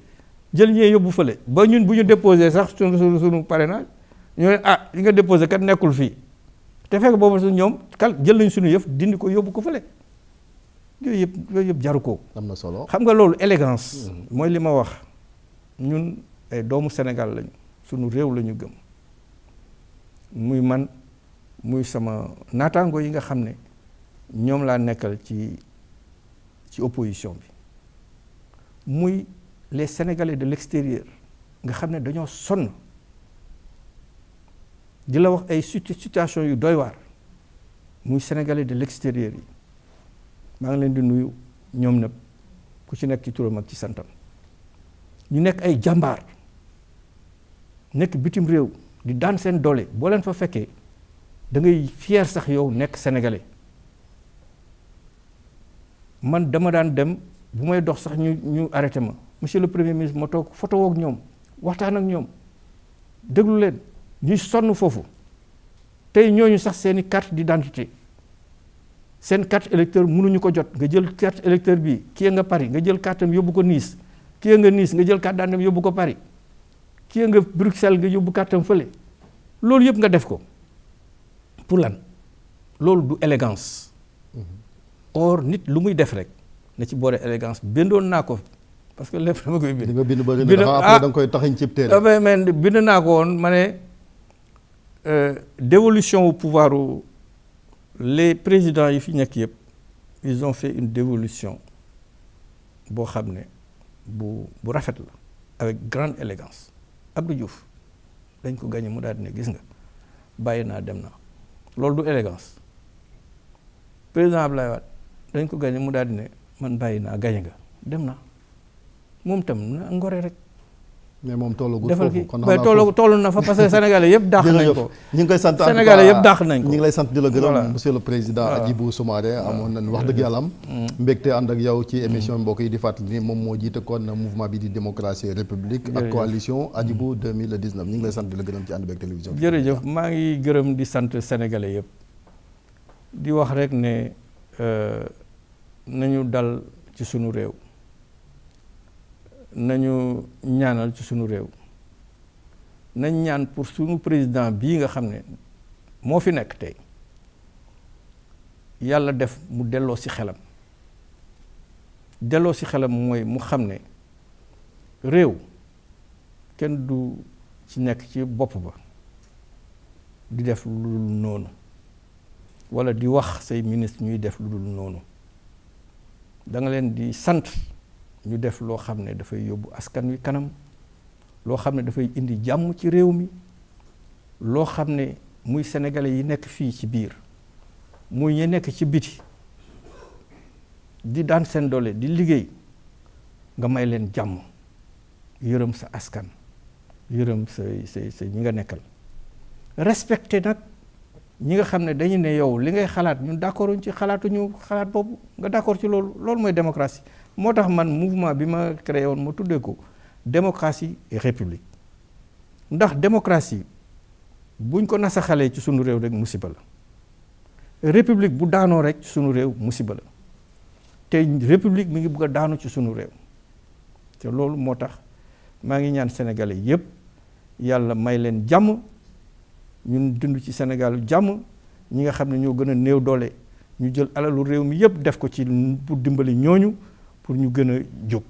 jël ñee yóbbu fële ba ñun bu ñu déposé sax suñu suñu suñu parrainage ñu ne ah li nga déposé kat nekkul fii te fekk boobu su ñoom kal jël nañ sunu yëf dindi ko yóbbu ko fële yooyu yëpp yooyu yëpp jaru ko. am na solo xam nga loolu élégance mm-hmm. mooy li ma wax ñun doomu Sénégal lañu sunu réew la ñu gëm muy man muy sama naataango yi nga xam ne ñoom laa nekkal ci ci opposition bi muy. les sénégalais de l'extérieur nga xam ne dañoo sonn di la wax ay situation yu doy waar muy sénégalais de l'extérieur yi maa ngi leen di nuyu ñoom nag ku ci nekk ci turam ak ci santam ñu nekk ay jàmbaar nekk bitim réew di daan seen doole boo leen fa fekkee da ngay fier sax yow nekk sénégalais man dama daan dem bu may dox sax ñu ñu arrêté ma monsieur le premier ministre ma toog photo woog ñoom waxtaan ak ñoom déglu leen ñuy sonn foofu tey ñoo ñu sax seeni carte d'identité seen carte électeur mënuñu ko jot nga jël carte électeur bi kii nga Paris nga jël carte am yóbbu ko Nice kii nga Nice nga jël carte d'identité am yóbbu ko Paris kii nga Bruxelles nga yóbbu carte am fële loolu yëpp nga def ko pour lan loolu du élégance mm-hmm. or nit lu muy def rek na ci boole élégance bendoon naa ko parce que lépp dama koy bind. na dafa après ah, da nga koy taxañ cib téere. mais mais bind woon ma ne euh, dévolution au pouvoir les présidents yi fi nekk yëpp ils ont fait une dévolution boo xam ne bu bu rafet la avec grande élégance Abdou Diouf dañ ko gagné mu daal di ne gis nga bàyyi naa dem naa loolu du élégance président Abdoulaye Wade dañ ko gagné mu daal ne man bàyyi naa gagné nga dem naa moom tam na ngore rek. mais moom tollagul foofu kon xam naa toll na fa parce que sénégalais yëpp dàq nañ ko ñu ngi koy sant sénégalais yëpp dàq nañ ko ñu ngi lay sant di la gërëm monsieur le amoon nañ wax dëgg yàlla am mm. mbégte ànd ak yow ci mm. émission mbokk yi di fàttali ni moom moo jiite kon mouvement bi di démocratie république ak coalition mm. Hadjibou 2019 ñu ngi lay sant di la gërëm ci ànd beeg télévision jërëjëf maa ngi gërëm di sant sénégalais yëpp di wax rek ne euh, nañu dal ci sunu réew nañu ñaanal ci sunu réew nañ ñaan pour sunu président bii nga xam ne moo fi nekk tey yàlla def mu delloo si xelam delloo si xelam mooy mu xam ne réew kenn du ci nekk ci bopp ba di def lu dul noonu walla di wax say ministre ñuy def lu dul noonu da leen di sant ñu def loo xam ne dafay yóbbu askan wi kanam loo xam ne dafay indi jàmm ci réew mi loo xam ne muy sénégalais yi nekk fii ci biir muy ñi nekk ci biti di daan seen doole di liggéey nga may leen jàmm yërëm sa askan yërëm sa sa sa ñi nga nekkal respecté nag ñi nga xam ne dañu ne yow li ngay xalaat ñun d'accorduñ ci xalaatuñu xalaat boobu nga d'accord ci loolu loolu mooy démocratie moo tax man mouvement bi ma créé woon ma tuddee ko démocratie et république ndax démocratie buñ ko nasaxalee ci sunu réew rek musiba la république bu daanoo rek ci sunu réew musiba la te république mu ngi bugg a daanu ci sunu réew te loolu moo tax maa ngi ñaan sénégalais yépp yàlla may leen jàmm ñun dund ci sénégalu jàmm ñi nga xam ne ñoo gën a néew doole ñu jël alalu réew mi yépp def ko ci pour dimbali ñooñu pour ñu gën a jóg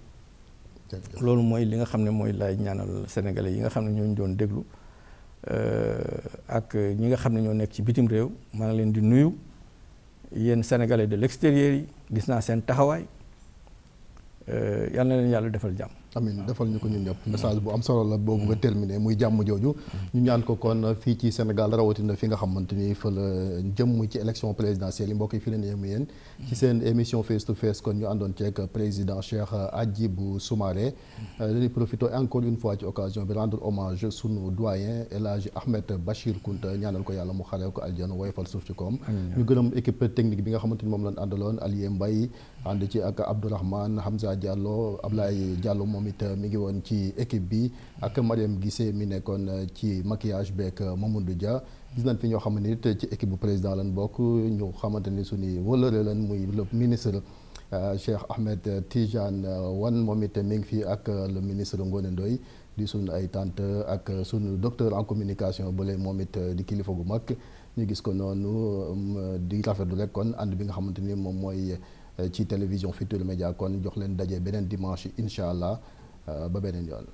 loolu mooy li nga xam ne mooy laay ñaanal sénégalais yi nga xam ne ñooñu doon déglu euh, ak ñi nga xam ne ñoo nekk ci bitim réew maa ngi leen di nuyu yéen sénégalais de l'extérieur yi gis naa seen taxawaay euh, yal na leen yàlla defal jàmm amin defal ñu ko ñun ñëpp mm. message bu am solo la boobu nga mm. terminé muy jàmm jooju mm. ñu ñaan ko kon fii ci Sénégal rawatina fi nga xamante ni fa la jëm ci élection présidentielle yi mbokk yi fi leen yem yéen ci seen émission face to face kon ñu àndoon ceeg président Cheikh Hadjibou Soumaré euh, dañuy profité encore une fois ci occasion bi rendre hommage sunu doyen El Hadj Ahmed Bachir Kounta ñaanal ko yàlla mu xaree ko aljana woyofal suuf ci koom ñu gërëm équipe technique bi nga xamante ni moom lañ àndaloon Alié Mbaye ànd ci ak Abdourahmane Hamza Diallo Ablaye Diallo moom it mi ngi woon ci équipe bi ak Mariam gisee mi nekkoon ci maquillage beeg Mamadou Dia gis na fi ñoo xam ne ci équipe bu président lan bokk ñu xamante ni suñu wëlëre lan muy le ministre euh, Cheikh Ahmed Tidiane Wan moom it mi ngi fi ak le ministre Ngone Ndoye di suñu ay tant ak suñu docteur en communication bële moom it di kilifa gu mag ñu gis ko noonu di rafetlu rek kon ànd bi nga xamante ni moom mooy. Euh, ci télévision Futurs Médias kon jox leen daje beneen dimanche incha allah euh, ba beneen yoon.